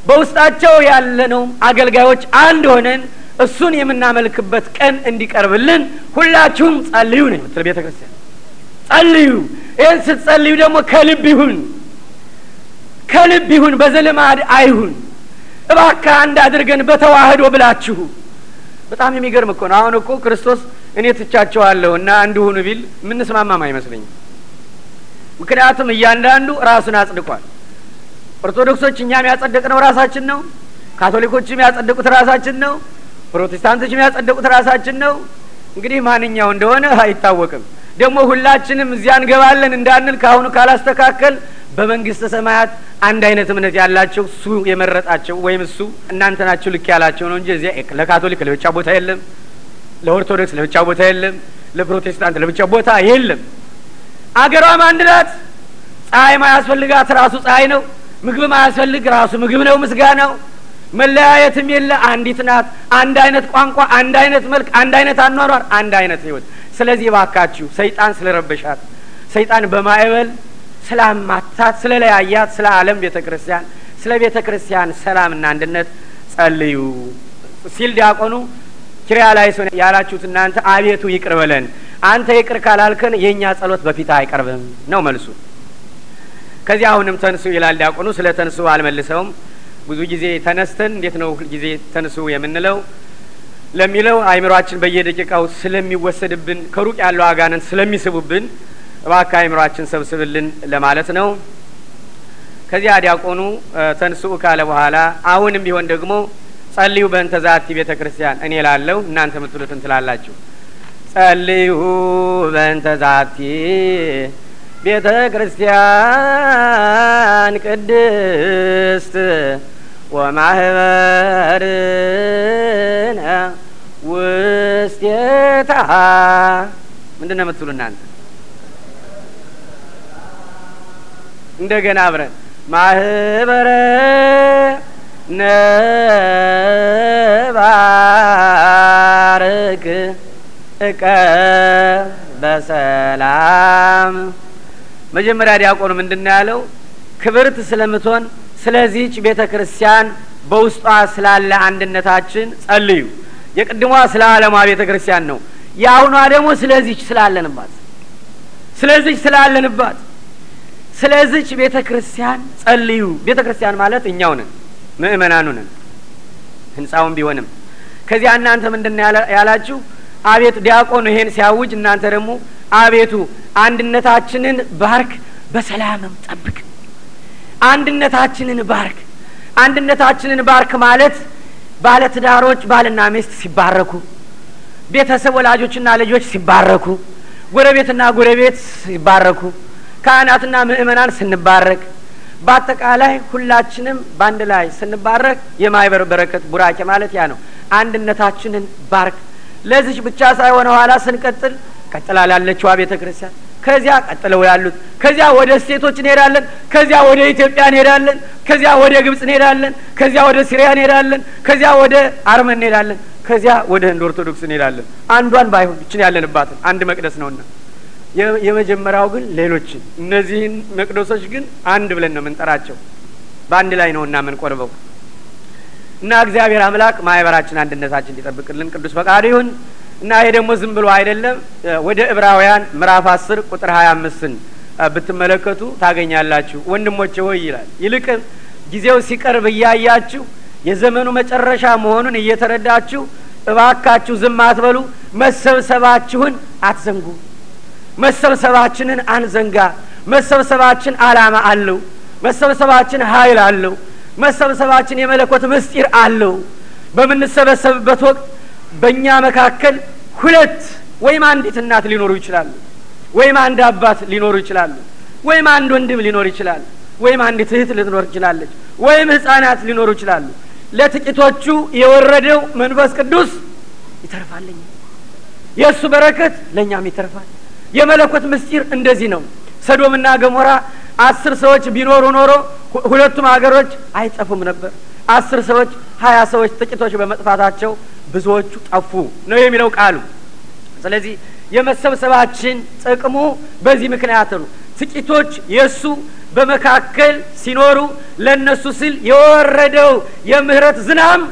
በውስጣቸው ያለነው አገልጋዮች አንድ ሆነን እሱን የምናመልክበት ቀን እንዲቀርብልን ሁላችሁም ጸልዩ ነው የምትል ቤተ ክርስቲያን። ጸልዩ። ይህን ስትጸልዩ ደግሞ ከልብ ይሁን፣ ከልብ ይሁን፣ በዘልማድ አይሁን። እባካ አንድ አድርገን በተዋህዶ ብላችሁ። በጣም የሚገርም እኮ ነው። አሁን እኮ ክርስቶስ እኔ ትቻቸዋለሁ እና አንድ ሁኑ ቢል የምንስማማም አይመስለኝ ምክንያቱም እያንዳንዱ ራሱን አጽድቋል። ኦርቶዶክሶች እኛም ነው ራሳችን ነው። ካቶሊኮችም ያጸደቁት ራሳችን ነው። ፕሮቴስታንቶች የሚያጸደቁት ራሳችን ነው። እንግዲህ ማንኛው እንደሆነ አይታወቅም። ደግሞ ሁላችንም እዚያ እንገባለን እንዳንል ከአሁኑ ካላስተካከል በመንግስተ ሰማያት አንድ አይነት እምነት ያላቸው እሱ የመረጣቸው ወይም እሱ እናንተ ናቸው ልክ ያላቸው ነው እንጂ እዚያ ለካቶሊክ ለብቻ ቦታ የለም፣ ለኦርቶዶክስ ለብቻ ቦታ የለም፣ ለፕሮቴስታንት ለብቻ ቦታ የለም። አገሯም አንድ ናት። ፀሐይ ማያስፈልጋት ራሱ ፀሐይ ነው። ምግብ ማያስፈልግ ራሱ ምግብ ነው ምስጋ ነው። መለያየትም የለ። አንዲት ናት። አንድ አይነት ቋንቋ፣ አንድ አይነት መልክ፣ አንድ አይነት አኗኗር፣ አንድ አይነት ህይወት። ስለዚህ ባካችሁ ሰይጣን ስለረበሻት፣ ሰይጣን በማዕበል ስላማታት፣ ስለለያያት፣ ስለ አለም ቤተ ክርስቲያን፣ ስለ ቤተ ክርስቲያን ሰላምና አንድነት ጸልዩ ሲል ዲያቆኑ ኪሪያ ላይ ሶን ያላችሁት እናንተ አቤቱ ይቅር በለን፣ አንተ ይቅር ካላልከን የእኛ ጸሎት በፊት አይቀርብም ነው መልሱ። ከዚህ አሁንም ተንሱ ይላል ዲያቆኑ። ስለ ተንሱ አልመልሰውም። ብዙ ጊዜ ተነስተን እንዴት ነው ሁልጊዜ ተነሱ የምንለው ለሚለው አይምሯችን በየደቂቃው ስለሚወሰድብን ከሩቅ ያለው አጋነን ስለሚስቡብን እባክህ አይምሯችን ሰብስብልን ለማለት ነው። ከዚያ ዲያቆኑ ተንስኡ ካለ በኋላ አሁንም ቢሆን ደግሞ ጸልዩ በእንተ ዛቲ ቤተ ክርስቲያን እኔ ላለው እናንተ የምትሉትን ትላላችሁ። ጸልዩ በእንተ ዛቲ ቤተ ክርስቲያን ቅድስት ወማህበርነ ውስቴታ ምንድን ነው የምትሉ እናንተ? እንደገና አብረን ማህበረ ነባርክ እቀ በሰላም መጀመሪያ ዲያቆኑ ምንድን ነው ያለው? ክብርት ስለምትሆን ስለዚህች ቤተ ክርስቲያን በውስጧ ስላለ አንድነታችን ጸልዩ። የቅድሟ ስለ ዓለሟ ቤተ ክርስቲያን ነው። የአሁኗ ደግሞ ስለዚች ስላለንባት ስለዚች ስላለንባት ስለዚች ቤተ ክርስቲያን ጸልዩ። ቤተ ክርስቲያን ማለት እኛው ነን፣ ምእመናኑ ነን፣ ህንጻውን ቢሆንም ከዚያ እናንተ ምንድን ያላችሁ? አቤት ዲያቆኑ ይሄን ሲያውጅ እናንተ ደግሞ አቤቱ አንድነታችንን ባርክ፣ በሰላምም ጠብቅ አንድነታችንን ባርክ። አንድነታችንን ባርክ ማለት ባለትዳሮች ባልና ሚስት ሲባረኩ፣ ቤተሰብ ወላጆችና ልጆች ሲባረኩ፣ ጎረቤትና ጎረቤት ሲባረኩ፣ ካህናትና ምእመናን ስንባረክ፣ በአጠቃላይ ሁላችንም በአንድ ላይ ስንባረክ የማይበር በረከት ቡራኬ ማለት ያ ነው። አንድነታችንን ባርክ። ለዚች ብቻ ሳይሆነ ኋላ ስንቀጥል ቀጥላላለችዋ ቤተ ክርስቲያን ከዚያ ቀጥለው ያሉት ከዚያ ወደ ስቴቶች እንሄዳለን። ከዚያ ወደ ኢትዮጵያ እንሄዳለን። ከዚያ ወደ ግብጽ እንሄዳለን። ከዚያ ወደ ሲሪያ እንሄዳለን። ከዚያ ወደ አርመን እንሄዳለን። ከዚያ ወደ ህንድ ኦርቶዶክስ እንሄዳለን። አንዷን ባይሆን እችን ያለንባትን አንድ መቅደስ ነውና፣ የመጀመሪያው ግን ሌሎችን እነዚህን መቅደሶች ግን አንድ ብለን ነው የምንጠራቸው። በአንድ ላይ ነውና ምንቆርበው እና እግዚአብሔር አምላክ ማህበራችን አንድነታችን እንዲጠብቅልን ቅዱስ ፈቃዱ ይሁን። እና ይሄ ደግሞ ዝም ብሎ አይደለም። ወደ ዕብራውያን ምዕራፍ አስር ቁጥር ሀያ አምስትን ብትመለከቱ ታገኛላችሁ። ወንድሞቼ ሆይ ይላል ይልቅም ጊዜው ሲቀርብ እያያችሁ የዘመኑ መጨረሻ መሆኑን እየተረዳችሁ እባካችሁ ዝም አትበሉ፣ መሰብሰባችሁን አትዘንጉ። መሰብሰባችንን አንዘንጋ። መሰብሰባችን አላማ አለው። መሰብሰባችን ኃይል አለው። መሰብሰባችን የመለኮት ምስጢር አለው። በምንሰበሰብበት ወቅት በእኛ መካከል ሁለት ወይም አንዲት እናት ሊኖሩ ይችላሉ፣ ወይም አንድ አባት ሊኖሩ ይችላሉ፣ ወይም አንድ ወንድም ሊኖር ይችላል፣ ወይም አንዲት እህት ልትኖር ይችላለች፣ ወይም ህጻናት ሊኖሩ ይችላሉ። ለጥቂቶቹ የወረደው መንፈስ ቅዱስ ይተርፋልኝ። የእሱ በረከት ለእኛም ይተርፋል። የመለኮት ምስጢር እንደዚህ ነው። ሰዶምና ገሞራ አስር ሰዎች ቢኖሩ ኖሮ ሁለቱም ሀገሮች አይጠፉም ነበር። አስር ሰዎች ሀያ ሰዎች ጥቂቶች በመጥፋታቸው ብዙዎቹ ጠፉ ነው የሚለው ቃሉ። ስለዚህ የመሰብሰባችን ጥቅሙ በዚህ ምክንያት ነው። ጥቂቶች የእሱ በመካከል ሲኖሩ ለእነሱ ስል የወረደው የምህረት ዝናም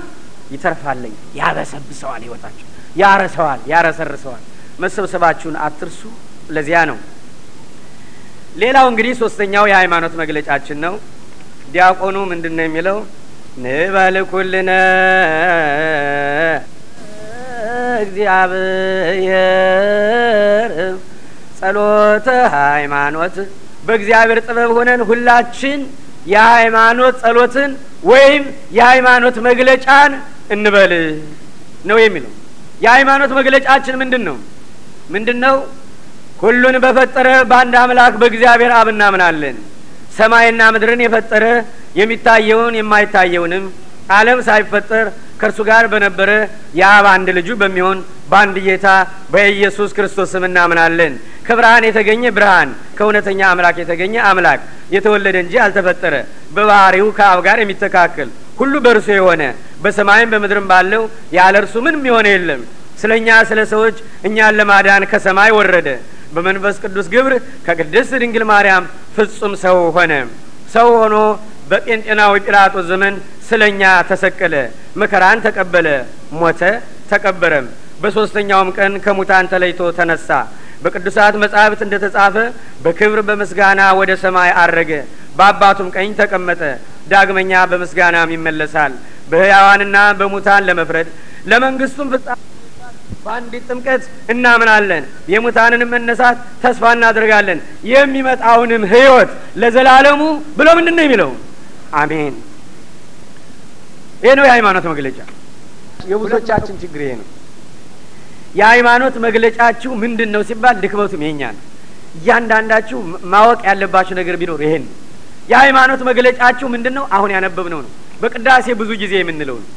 ይተርፋለኝ፣ ያበሰብሰዋል፣ ህይወታቸው ያረሰዋል፣ ያረሰርሰዋል። መሰብሰባችሁን አትርሱ። ለዚያ ነው። ሌላው እንግዲህ ሶስተኛው የሃይማኖት መግለጫችን ነው። ዲያቆኑ ምንድን ነው የሚለው? ኩልነ እግዚአብሔር ጸሎተ ሃይማኖት በእግዚአብሔር ጥበብ ሆነን ሁላችን የሃይማኖት ጸሎትን ወይም የሃይማኖት መግለጫን እንበል ነው የሚለው። የሃይማኖት መግለጫችን ምንድን ነው? ምንድን ነው? ሁሉን በፈጠረ በአንድ አምላክ በእግዚአብሔር አብ እናምናለን። ሰማይና ምድርን የፈጠረ የሚታየውን የማይታየውንም ዓለም ሳይፈጠር ከእርሱ ጋር በነበረ የአብ አንድ ልጁ በሚሆን በአንድ ጌታ በኢየሱስ ክርስቶስ ስም እናምናለን። ከብርሃን የተገኘ ብርሃን፣ ከእውነተኛ አምላክ የተገኘ አምላክ፣ የተወለደ እንጂ አልተፈጠረ፣ በባህሪው ከአብ ጋር የሚተካከል ሁሉ በእርሱ የሆነ በሰማይም በምድርም ባለው ያለ እርሱ ምንም የሆነ የለም። ስለ እኛ ስለ ሰዎች እኛን ለማዳን ከሰማይ ወረደ። በመንፈስ ቅዱስ ግብር ከቅድስት ድንግል ማርያም ፍጹም ሰው ሆነ። ሰው ሆኖ በጴንጤናዊ ጲላጦስ ዘመን ስለ እኛ ተሰቀለ፣ መከራን ተቀበለ፣ ሞተ፣ ተቀበረም። በሦስተኛውም ቀን ከሙታን ተለይቶ ተነሳ። በቅዱሳት መጻሕፍት እንደ ተጻፈ በክብር በምስጋና ወደ ሰማይ አረገ፣ በአባቱም ቀኝ ተቀመጠ። ዳግመኛ በምስጋናም ይመለሳል በሕያዋንና በሙታን ለመፍረድ ለመንግስቱም ፍጻሜ በአንዲት ጥምቀት እናምናለን። የሙታንንም መነሳት ተስፋ እናደርጋለን። የሚመጣውንም ህይወት ለዘላለሙ ብሎ ምንድን ነው የሚለው? አሜን። ይህ ነው የሃይማኖት መግለጫ። የብዙዎቻችን ችግር ይሄ ነው። የሃይማኖት መግለጫችሁ ምንድን ነው ሲባል ድክመቱም የኛ ነው። እያንዳንዳችሁ ማወቅ ያለባችሁ ነገር ቢኖር ይሄን ነው። የሃይማኖት መግለጫችሁ ምንድን ነው? አሁን ያነበብነው ነው። በቅዳሴ ብዙ ጊዜ የምንለው ነው።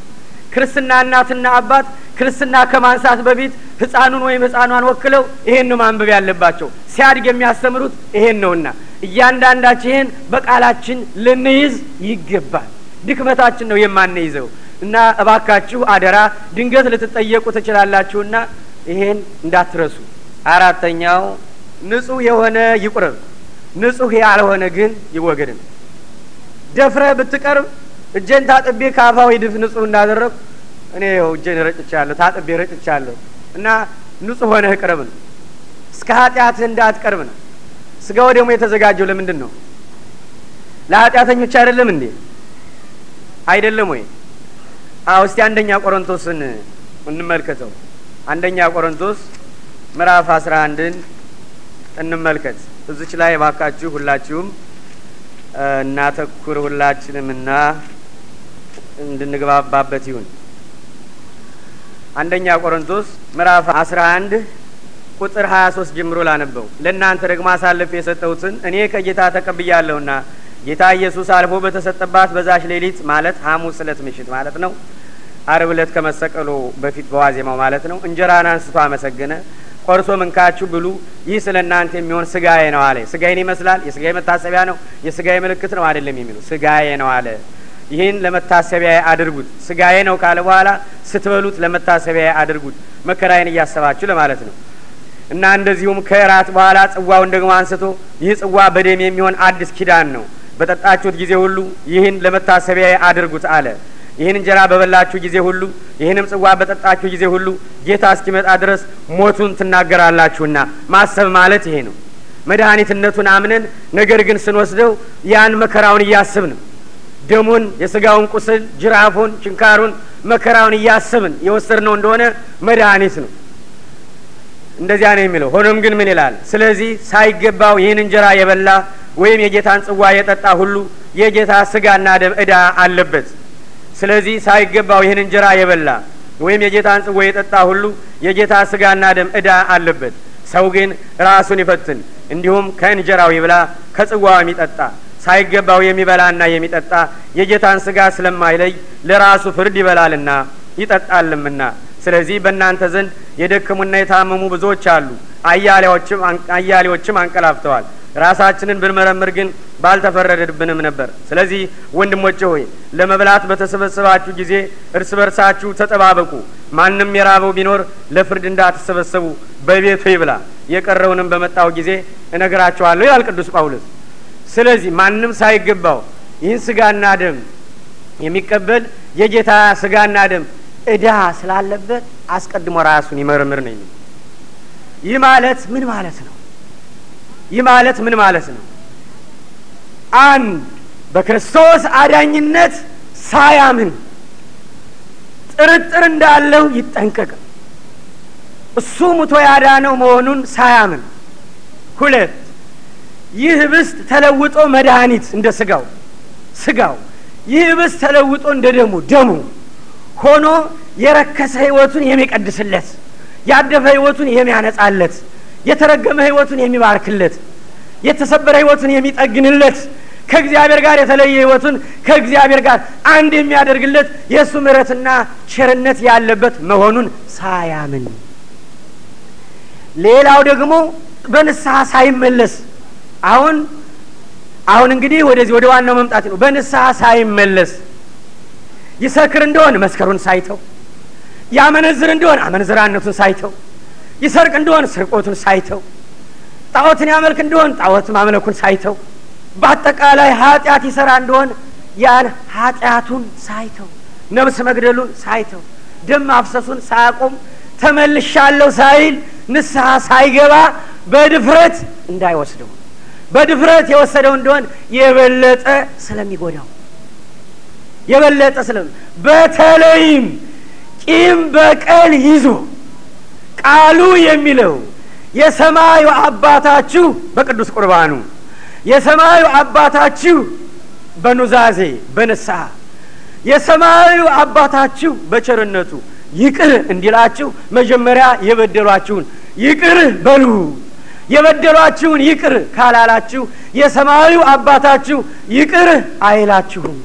ክርስትና እናትና አባት ክርስትና ከማንሳት በፊት ህፃኑን ወይም ህፃኗን ወክለው ይሄን ማንበብ ያለባቸው። ሲያድግ የሚያስተምሩት ይሄን ነውና እያንዳንዳችን ይሄን በቃላችን ልንይዝ ይገባል። ድክመታችን ነው የማንይዘው እና እባካችሁ አደራ ድንገት ልትጠየቁ ትችላላችሁና ይሄን እንዳትረሱ። አራተኛው ንጹህ የሆነ ይቁረብ፣ ንጹህ ያልሆነ ግን ይወገድም። ደፍረህ ብትቀርብ እጄን ታጥቤ ከአፋዊ ድፍ ንጹህ እንዳደረግ እኔ ይኸው እጄን ረጭቻለሁ፣ ታጥቤ ረጭቻለሁ እና ንጹህ ሆነህ ቅርብ ነው። እስከ ኃጢአትህ እንዳትቀርብ ነው። ስጋው ደግሞ የተዘጋጀው ለምንድን ነው? ለኃጢአተኞች አይደለም እንዴ? አይደለም ወይ? አዎ፣ እስቲ አንደኛ ቆሮንቶስን እንመልከተው። አንደኛ ቆሮንቶስ ምዕራፍ አስራ አንድን እንመልከት። እዚች ላይ ባካችሁ ሁላችሁም እናተኩር ሁላችንም እና እንድንግባባበት ይሁን። አንደኛ ቆሮንቶስ ምዕራፍ 11 ቁጥር 23 ጀምሮ ላነበው። ለእናንተ ደግሞ አሳልፍ የሰጠሁትን እኔ ከጌታ ተቀብያለሁና ጌታ ኢየሱስ አልፎ በተሰጠባት በዛች ሌሊት ማለት ሐሙስ ዕለት ምሽት ማለት ነው። አርብ ዕለት ከመሰቀሉ በፊት በዋዜማው ማለት ነው። እንጀራን አንስቶ አመሰገነ፣ ቆርሶ ምንካችሁ ብሉ፣ ይህ ስለ እናንተ የሚሆን ስጋዬ ነው አለ። ስጋዬን ይመስላል። የስጋዬ መታሰቢያ ነው። የስጋዬ ምልክት ነው አይደለም የሚሉ ስጋዬ ነው አለ። ይህን ለመታሰቢያ አድርጉት። ስጋዬ ነው ካለ በኋላ ስትበሉት ለመታሰቢያ አድርጉት፣ መከራዬን እያሰባችሁ ለማለት ነው። እና እንደዚሁም ከእራት በኋላ ጽዋውን ደግሞ አንስቶ ይህ ጽዋ በደም የሚሆን አዲስ ኪዳን ነው፣ በጠጣችሁት ጊዜ ሁሉ ይህን ለመታሰቢያ አድርጉት አለ። ይህን እንጀራ በበላችሁ ጊዜ ሁሉ ይህንም ጽዋ በጠጣችሁ ጊዜ ሁሉ ጌታ እስኪመጣ ድረስ ሞቱን ትናገራላችሁና። ማሰብ ማለት ይሄ ነው። መድኃኒትነቱን አምነን ነገር ግን ስንወስደው ያን መከራውን ነው። ደሙን፣ የስጋውን ቁስል፣ ጅራፉን፣ ችንካሩን፣ መከራውን እያስብን ነው እንደሆነ መድኃኒት ነው። እንደዚያ ነው የሚለው። ሆኖም ግን ምን ይላል? ስለዚህ ሳይገባው ይህን እንጀራ የበላ ወይም የጌታን ጽዋ የጠጣ ሁሉ የጌታ ስጋና ደም አለበት። ስለዚህ ሳይገባው ይህን እንጀራ የበላ ወይም የጌታን ጽዋ የጠጣ ሁሉ የጌታ ስጋና ደም እዳ አለበት። ሰው ግን ራሱን ይፈትን፣ እንዲሁም ከእንጀራው ይብላ ከጽዋውም ይጠጣ። ሳይገባው የሚበላና የሚጠጣ የጌታን ስጋ ስለማይለይ ለራሱ ፍርድ ይበላልና ይጠጣልምና። ስለዚህ በእናንተ ዘንድ የደከሙና የታመሙ ብዙዎች አሉ፣ አያሌዎችም አንቀላፍተዋል። ራሳችንን ብንመረምር ግን ባልተፈረደብንም ነበር። ስለዚህ ወንድሞች ሆይ ለመብላት በተሰበሰባችሁ ጊዜ እርስ በርሳችሁ ተጠባበቁ። ማንም የራበው ቢኖር ለፍርድ እንዳትሰበሰቡ በቤቱ ይብላ፣ የቀረውንም በመጣው ጊዜ እነግራችኋለሁ ይላል ቅዱስ ጳውሎስ። ስለዚህ ማንም ሳይገባው ይህን ስጋና ደም የሚቀበል የጌታ ስጋና ደም እዳ ስላለበት አስቀድሞ ራሱን ይመርምር ነኝ። ይህ ማለት ምን ማለት ነው? ይህ ማለት ምን ማለት ነው? አንድ በክርስቶስ አዳኝነት ሳያምን ጥርጥር እንዳለው ይጠንቀቅ። እሱ ሙቶ ያዳነው መሆኑን ሳያምን ሁለት ይህ ህብስት ተለውጦ መድኃኒት እንደ ስጋው ስጋው ይህ ህብስት ተለውጦ እንደ ደሙ ደሙ ሆኖ የረከሰ ህይወቱን የሚቀድስለት ያደፈ ህይወቱን የሚያነጻለት የተረገመ ህይወቱን የሚባርክለት የተሰበረ ህይወቱን የሚጠግንለት ከእግዚአብሔር ጋር የተለየ ህይወቱን ከእግዚአብሔር ጋር አንድ የሚያደርግለት የእሱ ምረትና ቸርነት ያለበት መሆኑን ሳያምን ሌላው ደግሞ በንስሐ ሳይመለስ አሁን አሁን እንግዲህ ወደዚህ ወደ ዋናው መምጣት ነው። በንስሐ ሳይመለስ ይሰክር እንደሆን መስከሩን ሳይተው፣ ያመነዝር እንደሆን አመንዝራነቱን ሳይተው፣ ይሰርቅ እንደሆን ስርቆቱን ሳይተው፣ ጣዖትን ያመልክ እንደሆን ጣዖት ማምለኩን ሳይተው፣ በአጠቃላይ ኃጢአት ይሰራ እንደሆን ያን ኃጢአቱን ሳይተው፣ ነብስ መግደሉን ሳይተው፣ ደም አፍሰሱን ሳያቆም ተመልሻለሁ ሳይል ንስሐ ሳይገባ በድፍረት እንዳይወስደው በድፍረት የወሰደው እንደሆን የበለጠ ስለሚጎዳው የበለጠ ስለም በተለይም ቂም በቀል ይዞ ቃሉ የሚለው የሰማዩ አባታችሁ በቅዱስ ቁርባኑ የሰማዩ አባታችሁ በኑዛዜ በንስሐ የሰማዩ አባታችሁ በቸርነቱ ይቅር እንዲላችሁ መጀመሪያ የበደሏችሁን ይቅር በሉ የበደሏችሁን ይቅር ካላላችሁ የሰማዩ አባታችሁ ይቅር አይላችሁም።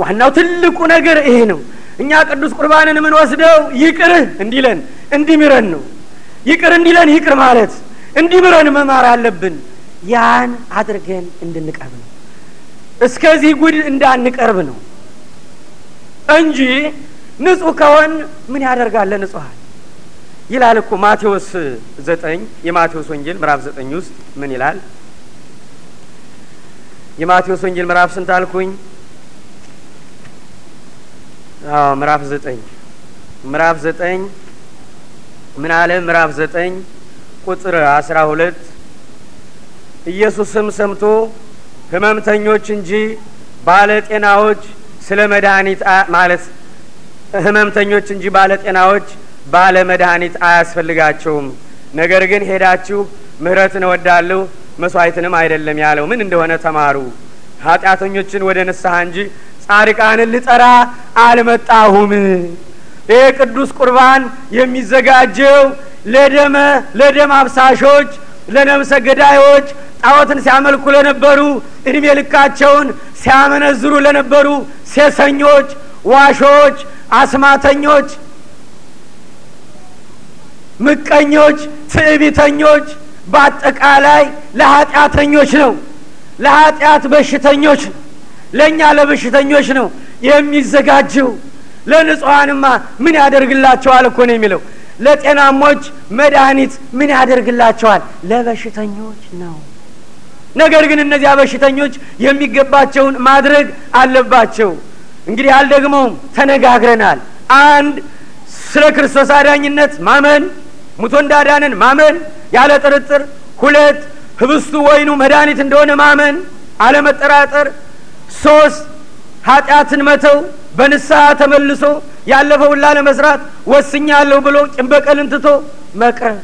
ዋናው ትልቁ ነገር ይሄ ነው። እኛ ቅዱስ ቁርባንን የምንወስደው ይቅር እንዲለን እንዲምረን ነው። ይቅር እንዲለን ይቅር ማለት እንዲምረን መማር አለብን። ያን አድርገን እንድንቀርብ ነው። እስከዚህ ጉድ እንዳንቀርብ ነው እንጂ ንጹህ ከሆን ምን ያደርጋለን ንጹሐን ይላል እኮ ማቴዎስ ዘጠኝ የማቴዎስ ወንጌል ምዕራፍ ዘጠኝ ውስጥ ምን ይላል? የማቴዎስ ወንጌል ምዕራፍ ስንት አልኩኝ? አዎ ምዕራፍ ዘጠኝ ምዕራፍ ዘጠኝ ምን አለ? ምዕራፍ ዘጠኝ ቁጥር አስራ ሁለት ኢየሱስም ሰምቶ ህመምተኞች እንጂ ጤናዎች ስለ መድኃኒት ማለት ህመምተኞች እንጂ ጤናዎች ባለ መድኃኒት አያስፈልጋችሁም። ነገር ግን ሄዳችሁ ምህረትን እወዳለሁ መስዋዕትንም አይደለም ያለው ምን እንደሆነ ተማሩ። ኃጢአተኞችን ወደ ንስሐ እንጂ ጻድቃንን ልጠራ አልመጣሁም። ይህ ቅዱስ ቁርባን የሚዘጋጀው ለደመ ለደም አብሳሾች፣ ለነብሰ ገዳዮች፣ ጣዖትን ሲያመልኩ ለነበሩ፣ እድሜ ልካቸውን ሲያመነዝሩ ለነበሩ ሴሰኞች፣ ዋሾች፣ አስማተኞች ምቀኞች፣ ትዕቢተኞች በአጠቃላይ ለኃጢአተኞች ነው። ለኃጢአት በሽተኞች ለእኛ ለበሽተኞች ነው የሚዘጋጀው። ለንጹሐንማ ምን ያደርግላቸዋል እኮ ነው የሚለው። ለጤናሞች መድኃኒት ምን ያደርግላቸዋል? ለበሽተኞች ነው። ነገር ግን እነዚያ በሽተኞች የሚገባቸውን ማድረግ አለባቸው። እንግዲህ አልደግመውም፣ ተነጋግረናል። አንድ ስለ ክርስቶስ አዳኝነት ማመን ሙቶ እንዳዳነን ማመን ያለ ጥርጥር፣ ሁለት ህብስቱ ወይኑ መድኃኒት እንደሆነ ማመን አለመጠራጠር፣ ሶስት ኃጢአትን መተው በንስሐ ተመልሶ ያለፈውን ላለመስራት ወስኛለሁ ብሎ ጭንበቀልን ትቶ መቅረብ።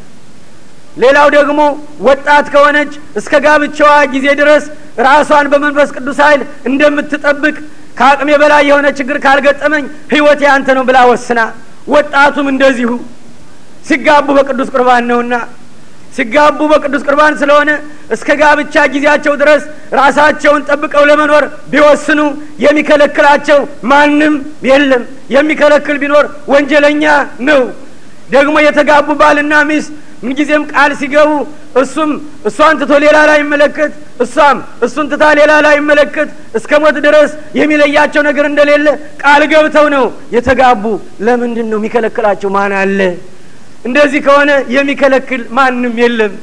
ሌላው ደግሞ ወጣት ከሆነች እስከ ጋብቻዋ ጊዜ ድረስ ራሷን በመንፈስ ቅዱስ ኃይል እንደምትጠብቅ ከአቅሜ በላይ የሆነ ችግር ካልገጠመኝ ህይወት ያንተ ነው ብላ ወስና፣ ወጣቱም እንደዚሁ ሲጋቡ በቅዱስ ቁርባን ነውና ሲጋቡ በቅዱስ ቁርባን ስለሆነ እስከ ጋብቻ ጊዜያቸው ድረስ ራሳቸውን ጠብቀው ለመኖር ቢወስኑ የሚከለክላቸው ማንም የለም። የሚከለክል ቢኖር ወንጀለኛ ነው። ደግሞ የተጋቡ ባልና ሚስት ምንጊዜም ቃል ሲገቡ እሱም እሷን ትቶ ሌላ ላይ ይመለከት፣ እሷም እሱን ትታ ሌላ ላይ ይመለከት፣ እስከ ሞት ድረስ የሚለያቸው ነገር እንደሌለ ቃል ገብተው ነው የተጋቡ። ለምንድን ነው የሚከለክላቸው? ማን አለ? እንደዚህ ከሆነ የሚከለክል ማንም የለም።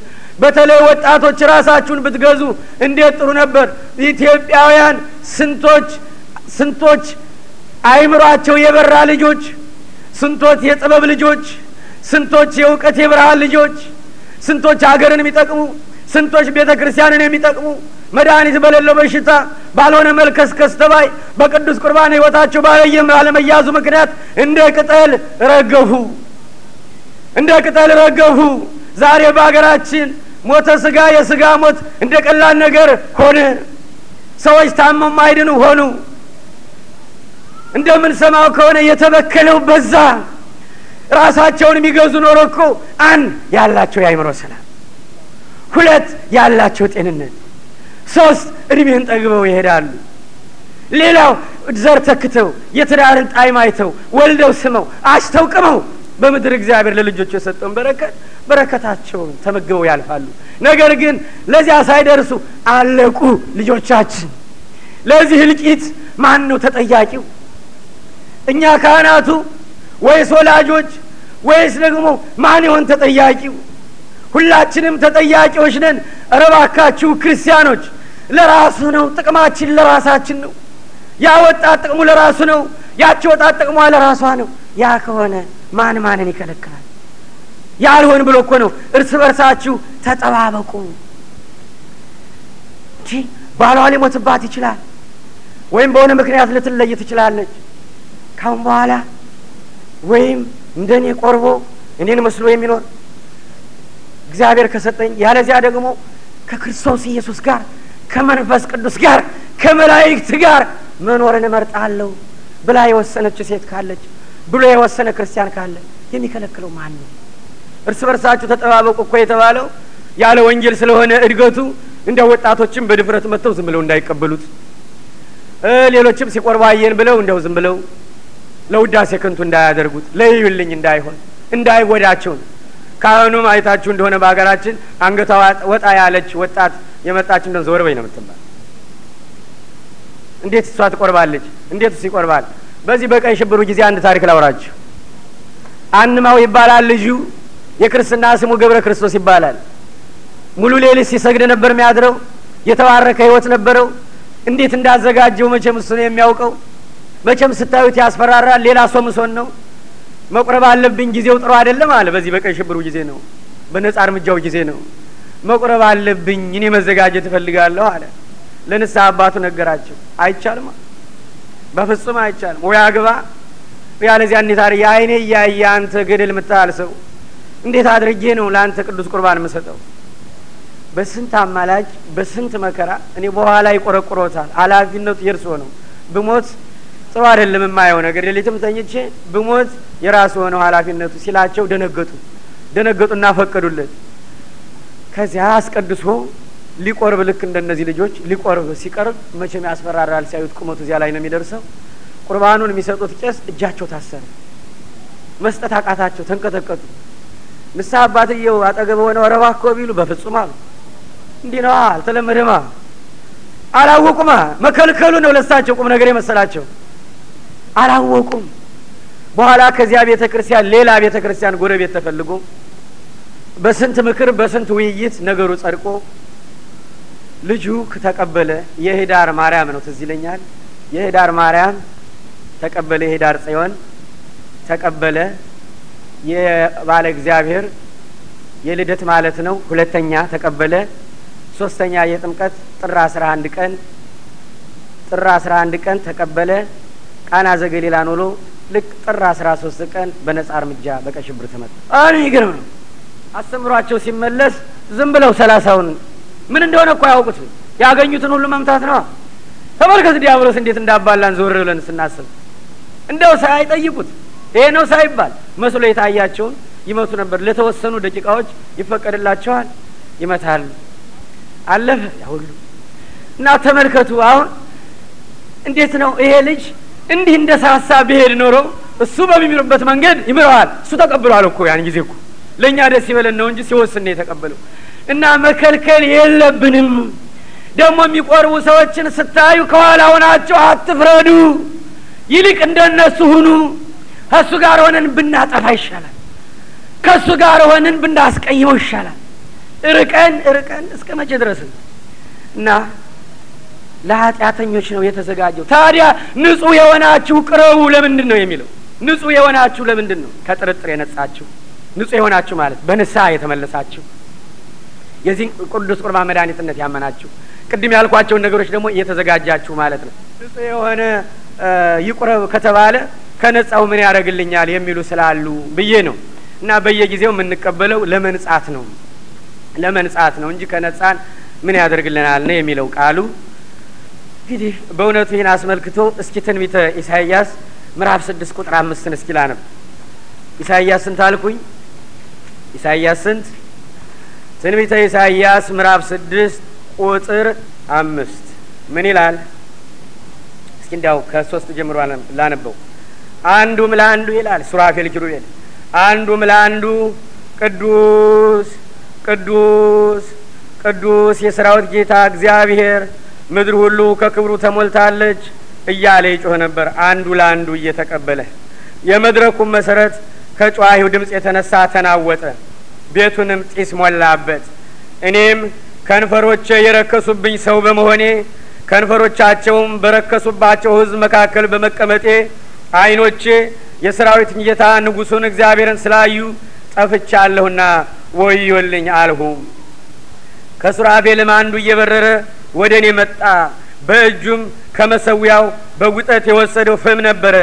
በተለይ ወጣቶች ራሳችሁን ብትገዙ እንዴት ጥሩ ነበር። ኢትዮጵያውያን ስንቶች ስንቶች አይምሯቸው የበራ ልጆች፣ ስንቶች የጥበብ ልጆች፣ ስንቶች የእውቀት የብርሃን ልጆች፣ ስንቶች አገርን የሚጠቅሙ ስንቶች ቤተ ክርስቲያንን የሚጠቅሙ መድኃኒት በሌለው በሽታ ባልሆነ መልከስከስ ተባይ በቅዱስ ቁርባን ሕይወታቸው ባለየም አለመያዙ ምክንያት እንደ ቅጠል ረገፉ። እንደ ቅጠል ረገፉ። ዛሬ በሀገራችን ሞተ ስጋ የስጋ ሞት እንደ ቀላል ነገር ሆነ። ሰዎች ታመሙ አይድኑ ሆኑ። እንደምንሰማው ከሆነ የተበከለው በዛ። ራሳቸውን የሚገዙ ኖሮ እኮ አንድ ያላቸው የአይምሮ ሰላም፣ ሁለት ያላቸው ጤንነት፣ ሶስት እድሜህን ጠግበው ይሄዳሉ። ሌላው ዘር ተክተው የትዳርን ጣዕም አይተው ወልደው ስመው አሽተው ቅመው በምድር እግዚአብሔር ለልጆች የሰጠውን በረከት በረከታቸውን ተመግበው ያልፋሉ። ነገር ግን ለዚያ ሳይደርሱ አለቁ ልጆቻችን። ለዚህ እልቂት ማን ነው ተጠያቂው? እኛ ካህናቱ ወይስ ወላጆች ወይስ ደግሞ ማን ይሆን ተጠያቂው? ሁላችንም ተጠያቂዎች ነን። እባካችሁ ክርስቲያኖች፣ ለራሱ ነው ጥቅማችን፣ ለራሳችን ነው ያ ወጣት ጥቅሙ ለራሱ ነው፣ ያቺ ወጣት ጥቅሟ ለራሷ ነው። ያ ከሆነ ማን ማንን ይከለክላል? ያልሆን ብሎ እኮ ነው። እርስ በርሳችሁ ተጠባበቁ እንጂ ባሏ ሊሞትባት ይችላል፣ ወይም በሆነ ምክንያት ልትለይ ትችላለች። ካሁን በኋላ ወይም እኔ ቆርቦ እኔን መስሎ የሚኖር እግዚአብሔር ከሰጠኝ ያለዚያ ደግሞ ከክርስቶስ ኢየሱስ ጋር ከመንፈስ ቅዱስ ጋር ከመላእክት ጋር መኖርን እመርጣለሁ ብላ የወሰነች ሴት ካለች ብሎ የወሰነ ክርስቲያን ካለ የሚከለክለው ማን ነው? እርስ በርሳችሁ ተጠባበቁ እኮ የተባለው ያለ ወንጌል ስለሆነ እድገቱ እንደ ወጣቶችም በድፍረት መጥተው ዝም ብለው እንዳይቀበሉት ሌሎችም ሲቆርባየን ብለው እንደው ዝም ብለው ለውዳሴ ከንቱ እንዳያደርጉት ለዩልኝ እንዳይሆን እንዳይጎዳቸው ካህኑም አይታችሁ እንደሆነ በሀገራችን አንገቷ ወጣ ያለች ወጣት የመጣች እንደን ዘወር በይ ነው የምትባል። እንዴት እሷ ትቆርባለች? እንዴት እሱ ይቆርባል? በዚህ በቀይ ሽብሩ ጊዜ አንድ ታሪክ ላውራችሁ። አንማው ይባላል ልጁ። የክርስትና ስሙ ገብረ ክርስቶስ ይባላል። ሙሉ ሌሊት ሲሰግድ ነበር የሚያድረው። የተባረከ ህይወት ነበረው። እንዴት እንዳዘጋጀው መቼም እሱ ነው የሚያውቀው። መቼም ስታዩት ያስፈራራል። ሌላ ሶምሶን ነው። መቁረብ አለብኝ ጊዜው ጥሩ አይደለም አለ። በዚህ በቀይ ሽብሩ ጊዜ ነው፣ በነጻ እርምጃው ጊዜ ነው። መቁረብ አለብኝ እኔ መዘጋጀት እፈልጋለሁ አለ። ለንስሐ አባቱ ነገራቸው። አይቻልም፣ በፍጹም አይቻልም። ወይ አግባ ያለዚያ እንዴት አድርጌ አይኔ እያየ አንተ ገደል የምትሃል ሰው እንዴት አድርጌ ነው ለአንተ ቅዱስ ቁርባን የምሰጠው? በስንት አማላጭ በስንት መከራ እኔ በኋላ ይቆረቁሮታል። ኃላፊነቱ የእርሶ ነው። ብሞት ጥሩ አይደለም የማየው ነገር ሌሊትም ተኝቼ ብሞት የራሱ ሆነው ሀላፊነቱ ሲላቸው ደነገጡ። ደነገጡና ፈቀዱለት። ከዚያ አስቀድሶ ሊቆርብ ልክ እንደነዚህ ልጆች ሊቆርብ ሲቀርብ መቼም ያስፈራራል። ሲያዩት ቁመቱ እዚያ ላይ ነው የሚደርሰው። ቁርባኑን የሚሰጡት ቄስ እጃቸው ታሰረ፣ መስጠት አቃታቸው፣ ተንቀጠቀጡ። ንስሐ አባትየው አጠገብ ሆነ ረባኮ ቢሉ በፍጹም አሉ። እንዲህ ነዋ፣ አልተለመደማ፣ አላወቁማ። መከልከሉ ነው ለሳቸው ቁም ነገር የመሰላቸው አላወቁም። በኋላ ከዚያ ቤተ ክርስቲያን ሌላ ቤተ ክርስቲያን ጎረቤት ተፈልጎ በስንት ምክር በስንት ውይይት ነገሩ ጸድቆ ልጁ ተቀበለ። የሄዳር ማርያም ነው ትዝ ይለኛል። የሄዳር ማርያም ተቀበለ፣ የሄዳር ጽዮን ተቀበለ። የባለ እግዚአብሔር የልደት ማለት ነው ሁለተኛ ተቀበለ። ሶስተኛ የጥምቀት ጥር አስራ አንድ ቀን ጥር አስራ አንድ ቀን ተቀበለ። ቃና ዘገሊላን ውሎ ልክ ጥር አስራ ሶስት ቀን በነጻ እርምጃ በቀሽብር ሽብር ተመታ። አይ ግርም ነው አስተምሯቸው ሲመለስ ዝም ብለው ሰላሳውን ምን እንደሆነ እኮ አያውቁትም። ያገኙትን ሁሉ መምታት ነው። ተመልከት ዲያብሎስ እንዴት እንዳባላን ዞር ብለን ስናስብ እንደው ሳይጠይቁት ይሄ ነው ሳይባል መስሎ የታያቸውን ይመቱ ነበር። ለተወሰኑ ደቂቃዎች ይፈቀድላቸዋል፣ ይመታል፣ አለፈ ያ ሁሉ እና ተመልከቱ። አሁን እንዴት ነው ይሄ ልጅ እንዲህ እንደ ሳሳ ብሄድ ኖሮ እሱ በሚምርበት መንገድ ይምረዋል። እሱ ተቀብሏል እኮ ያን ጊዜ እኮ ለእኛ ደስ ይበለን ነው እንጂ ሲወስን ነው የተቀበለው። እና መከልከል የለብንም። ደግሞ የሚቆርቡ ሰዎችን ስታዩ ከኋላ ሆናቸው አትፍረዱ፣ ይልቅ እንደነሱ ሁኑ። ከእሱ ጋር ሆነን ብናጠፋ ይሻላል። ከእሱ ጋር ሆነን ብናስቀይመው ይሻላል። እርቀን እርቀን እስከ መቼ ድረስ እና ለኃጢአተኞች ነው የተዘጋጀው። ታዲያ ንጹሕ የሆናችሁ ቅረቡ ለምንድን ነው የሚለው? ንጹሕ የሆናችሁ ለምንድን ነው? ከጥርጥር የነጻችሁ ንጹህ የሆናችሁ ማለት በንስሐ የተመለሳችሁ የዚህ ቅዱስ ቁርባን መድኃኒትነት ያመናችሁ ቅድም ያልኳቸውን ነገሮች ደግሞ እየተዘጋጃችሁ ማለት ነው። ንጹህ የሆነ ይቁረብ ከተባለ ከነጻው ምን ያደርግልኛል የሚሉ ስላሉ ብዬ ነው እና በየጊዜው የምንቀበለው ለመንጻት ነው ለመንጻት ነው እንጂ ከነጻን ምን ያደርግልናል ነው የሚለው ቃሉ። እንግዲህ በእውነቱ ይህን አስመልክቶ እስኪ ትንቢተ ኢሳይያስ ምዕራፍ ስድስት ቁጥር አምስትን እስኪ ላነብ። ኢሳይያስ ስንት አልኩኝ? ኢሳይያስ ስንት? ትንቢተ ኢሳይያስ ምዕራፍ ስድስት ቁጥር አምስት ምን ይላል? እስኪ እንዲያው ከሶስት ጀምሮ ላነበው። አንዱም ለአንዱ ይላል ሱራፌል ኪሩቤል፣ አንዱም ለአንዱ ቅዱስ ቅዱስ ቅዱስ የሰራዊት ጌታ እግዚአብሔር ምድር ሁሉ ከክብሩ ተሞልታለች እያለ ይጮህ ነበር። አንዱ ለአንዱ እየተቀበለ የመድረኩን መሰረት ከጨዋሂው ድምፅ የተነሳ ተናወጠ፣ ቤቱንም ጢስ ሞላበት። እኔም ከንፈሮቼ የረከሱብኝ ሰው በመሆኔ ከንፈሮቻቸውም በረከሱባቸው ሕዝብ መካከል በመቀመጤ ዓይኖቼ የሰራዊት ጌታ ንጉሱን እግዚአብሔርን ስላዩ ጠፍቻለሁና ወዮልኝ አልሁም። ከሱራፌልም አንዱ እየበረረ ወደ እኔ መጣ። በእጁም ከመሰዊያው በጉጠት የወሰደው ፍም ነበረ።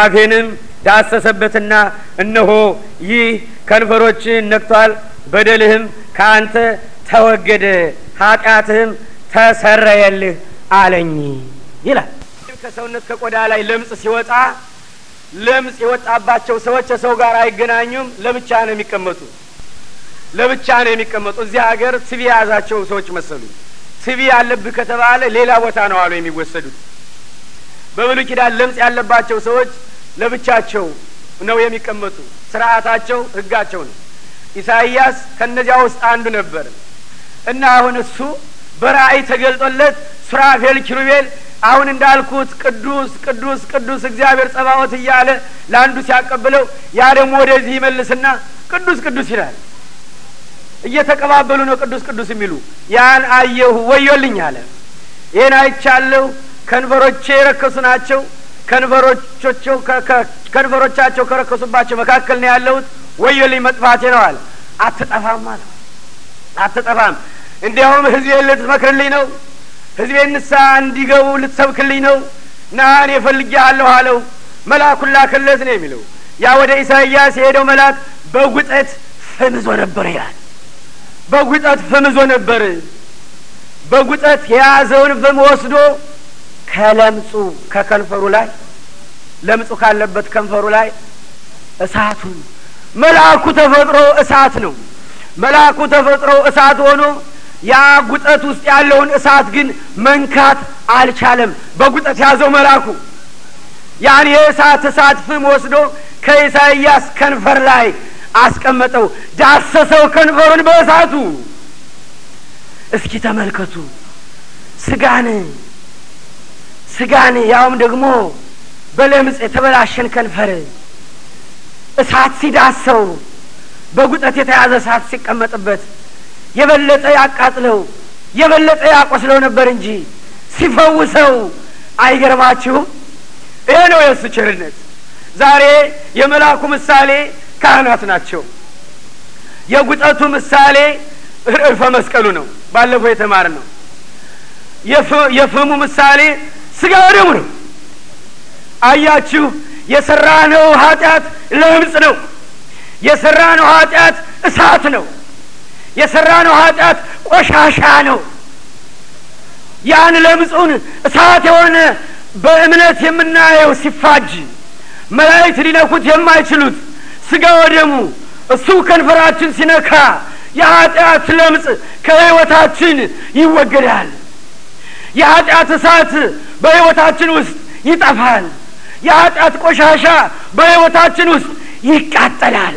አፌንም ዳሰሰበትና እነሆ ይህ ከንፈሮች ነክቷል፣ በደልህም ከአንተ ተወገደ፣ ኃጢአትህም ተሰረየልህ አለኝ ይላል። ከሰውነት ከቆዳ ላይ ለምጽ ሲወጣ ለምጽ የወጣባቸው ሰዎች ከሰው ጋር አይገናኙም። ለብቻ ነው የሚቀመጡ፣ ለብቻ ነው የሚቀመጡ። እዚህ ሀገር ትቢ የያዛቸው ሰዎች መሰሉ። ትቢ ያለብህ ከተባለ ሌላ ቦታ ነው አሉ የሚወሰዱት። በብሉይ ኪዳን ለምጽ ያለባቸው ሰዎች ለብቻቸው ነው የሚቀመጡ። ስርዓታቸው ህጋቸው ነው። ኢሳይያስ ከእነዚያ ውስጥ አንዱ ነበር እና አሁን እሱ በራእይ ተገልጦለት ሱራፌል ኪሩቤል አሁን እንዳልኩት ቅዱስ ቅዱስ ቅዱስ እግዚአብሔር ጸባዖት እያለ ለአንዱ ሲያቀብለው ያ ደግሞ ወደዚህ ይመልስና ቅዱስ ቅዱስ ይላል። እየተቀባበሉ ነው ቅዱስ ቅዱስ የሚሉ ያን አየሁ ወዮልኝ አለ። ይህን አይቻለሁ፣ ከንፈሮቼ የረከሱ ናቸው ከንፈሮቻቸው ከንፈሮቻቸው ከረከሱባቸው መካከል ነው ያለሁት፣ ወዮልኝ መጥፋቴ ነው አለ። አትጠፋም አለ አትጠፋም። እንዲያውም ህዝቤን ልትመክርልኝ ነው፣ ህዝቤ ንሳ እንዲገቡ ልትሰብክልኝ ነው። ና እኔ እፈልግሃለሁ አለው። መልአኩን ላከለት ነው የሚለው። ያ ወደ ኢሳይያስ የሄደው መልአክ በጉጠት ፍምዞ ነበር ይላል። በጉጠት ፍምዞ ነበር። በጉጠት የያዘውን ፈም ወስዶ ከለምጹ ከከንፈሩ ላይ ለምጹ ካለበት ከንፈሩ ላይ እሳቱ መልአኩ ተፈጥሮ እሳት ነው። መልአኩ ተፈጥሮ እሳት ሆኖ ያ ጉጠት ውስጥ ያለውን እሳት ግን መንካት አልቻለም። በጉጠት ያዘው መልአኩ ያን የእሳት እሳት ፍም ወስዶ ከኢሳይያስ ከንፈር ላይ አስቀመጠው። ዳሰሰው ከንፈሩን በእሳቱ። እስኪ ተመልከቱ ስጋን ስጋን ያውም ደግሞ በለምጽ የተበላሸን ከንፈር እሳት ሲዳሰው በጉጠት የተያዘ እሳት ሲቀመጥበት የበለጠ ያቃጥለው የበለጠ ያቆስለው ነበር እንጂ ሲፈውሰው አይገርማችሁም? ይሄ ነው የእሱ ቸርነት። ዛሬ የመልአኩ ምሳሌ ካህናት ናቸው። የጉጠቱ ምሳሌ ርዕፈ መስቀሉ ነው፣ ባለፈው የተማር ነው። የፍሙ ምሳሌ ስጋ ደሙ ነው። አያችሁ፣ የሰራነው ኃጢአት ለምጽ ነው። የሰራነው ኃጢአት እሳት ነው። የሰራነው ኃጢአት ቆሻሻ ነው። ያን ለምጹን እሳት የሆነ በእምነት የምናየው ሲፋጅ መላይት ሊነኩት የማይችሉት ስጋ ወደሙ እሱ ከንፈራችን ሲነካ የኃጢአት ለምጽ ከህይወታችን ይወገዳል። የኃጢአት እሳት በሕይወታችን ውስጥ ይጠፋል። የኃጢአት ቆሻሻ በሕይወታችን ውስጥ ይቃጠላል።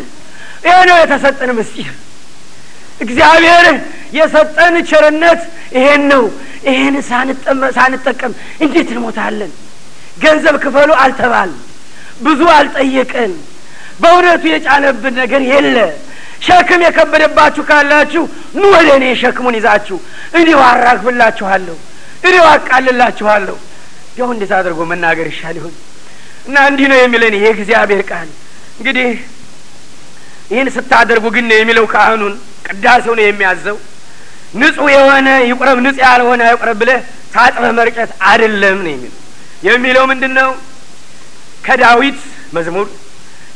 ይህ ነው የተሰጠን ምስጢር። እግዚአብሔር የሰጠን ቸርነት ይሄን ነው። ይሄን ሳንጠቀም እንዴት እንሞታለን? ገንዘብ ክፈሉ አልተባል፣ ብዙ አልጠየቀን። በእውነቱ የጫነብን ነገር የለ። ሸክም የከበደባችሁ ካላችሁ ኑ ወደ እኔ ሸክሙን ይዛችሁ እኔው አራግፍላችኋለሁ፣ እኔው አቃልላችኋለሁ። ያው እንዴት አድርጎ መናገር ይሻል ይሆን እና እንዲህ ነው የሚለን ይሄ እግዚአብሔር ቃል እንግዲህ ይህን ስታደርጉ ግን ነው የሚለው ካህኑን ቅዳሴው ነው የሚያዘው ንጹህ የሆነ ይቁረብ ንጹህ ያልሆነ አይቁረብ ብለህ ታጥበ መርጨት አይደለም ነው የሚለው የሚለው ምንድን ነው ከዳዊት መዝሙር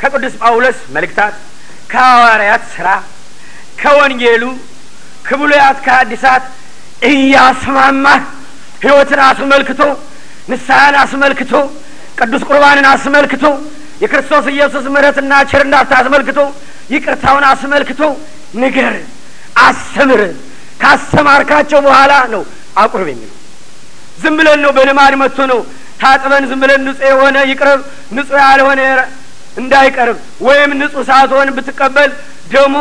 ከቅዱስ ጳውሎስ መልእክታት ከሐዋርያት ስራ ከወንጌሉ ከብሉያት ከአዲሳት እያስማማህ ህይወትን አስመልክቶ ንስሐን አስመልክቶ ቅዱስ ቁርባንን አስመልክቶ የክርስቶስ ኢየሱስ ምሕረትና ቸርነት አስመልክቶ ይቅርታውን አስመልክቶ ንገር፣ አስተምር። ካስተማርካቸው በኋላ ነው አቁርብ የሚለው። ዝም ብለን ነው በልማድ መጥቶ ነው ታጥበን ዝም ብለን ንጹሕ የሆነ ይቅረብ፣ ንጹሕ ያልሆነ እንዳይቀርብ ወይም ንጹሕ ሳትሆን ብትቀበል ደሙ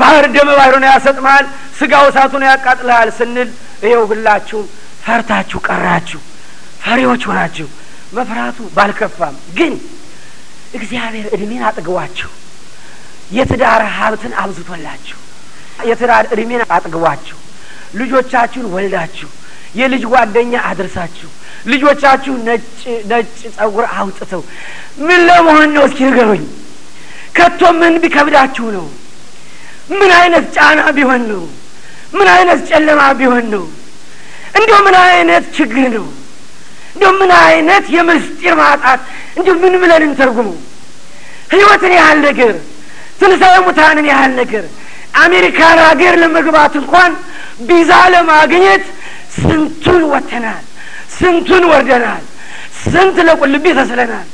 ባህር ደመ ባህሩ ነው ያሰጥመሃል፣ ስጋው እሳቱ ነው ያቃጥልሃል ስንል ይኸው ሁላችሁም ፈርታችሁ ቀራችሁ። ፈሪዎች ሆናችሁ መፍራቱ ባልከፋም ግን እግዚአብሔር እድሜን አጥግቧችሁ የትዳር ሀብትን አብዝቶላችሁ የትዳር እድሜን አጥግቧችሁ ልጆቻችሁን ወልዳችሁ የልጅ ጓደኛ አድርሳችሁ ልጆቻችሁ ነጭ ነጭ ጸጉር አውጥተው ምን ለመሆን ነው? እስኪ ንገሩኝ። ከቶ ምን ቢከብዳችሁ ነው? ምን አይነት ጫና ቢሆን ነው? ምን አይነት ጨለማ ቢሆን ነው? እንዲሁ ምን አይነት ችግር ነው? እንደ ምን አይነት የምስጢር ማጣት! እንዲ ምን ብለን እንተርጉመው? ህይወትን ያህል ነገር፣ ትንሣኤ ሙታንን ያህል ነገር አሜሪካን ሀገር ለመግባት እንኳን ቢዛ ለማግኘት ስንቱን ወተናል? ስንቱን ወርደናል፣ ስንት ለቁልቢ ተስለናል፣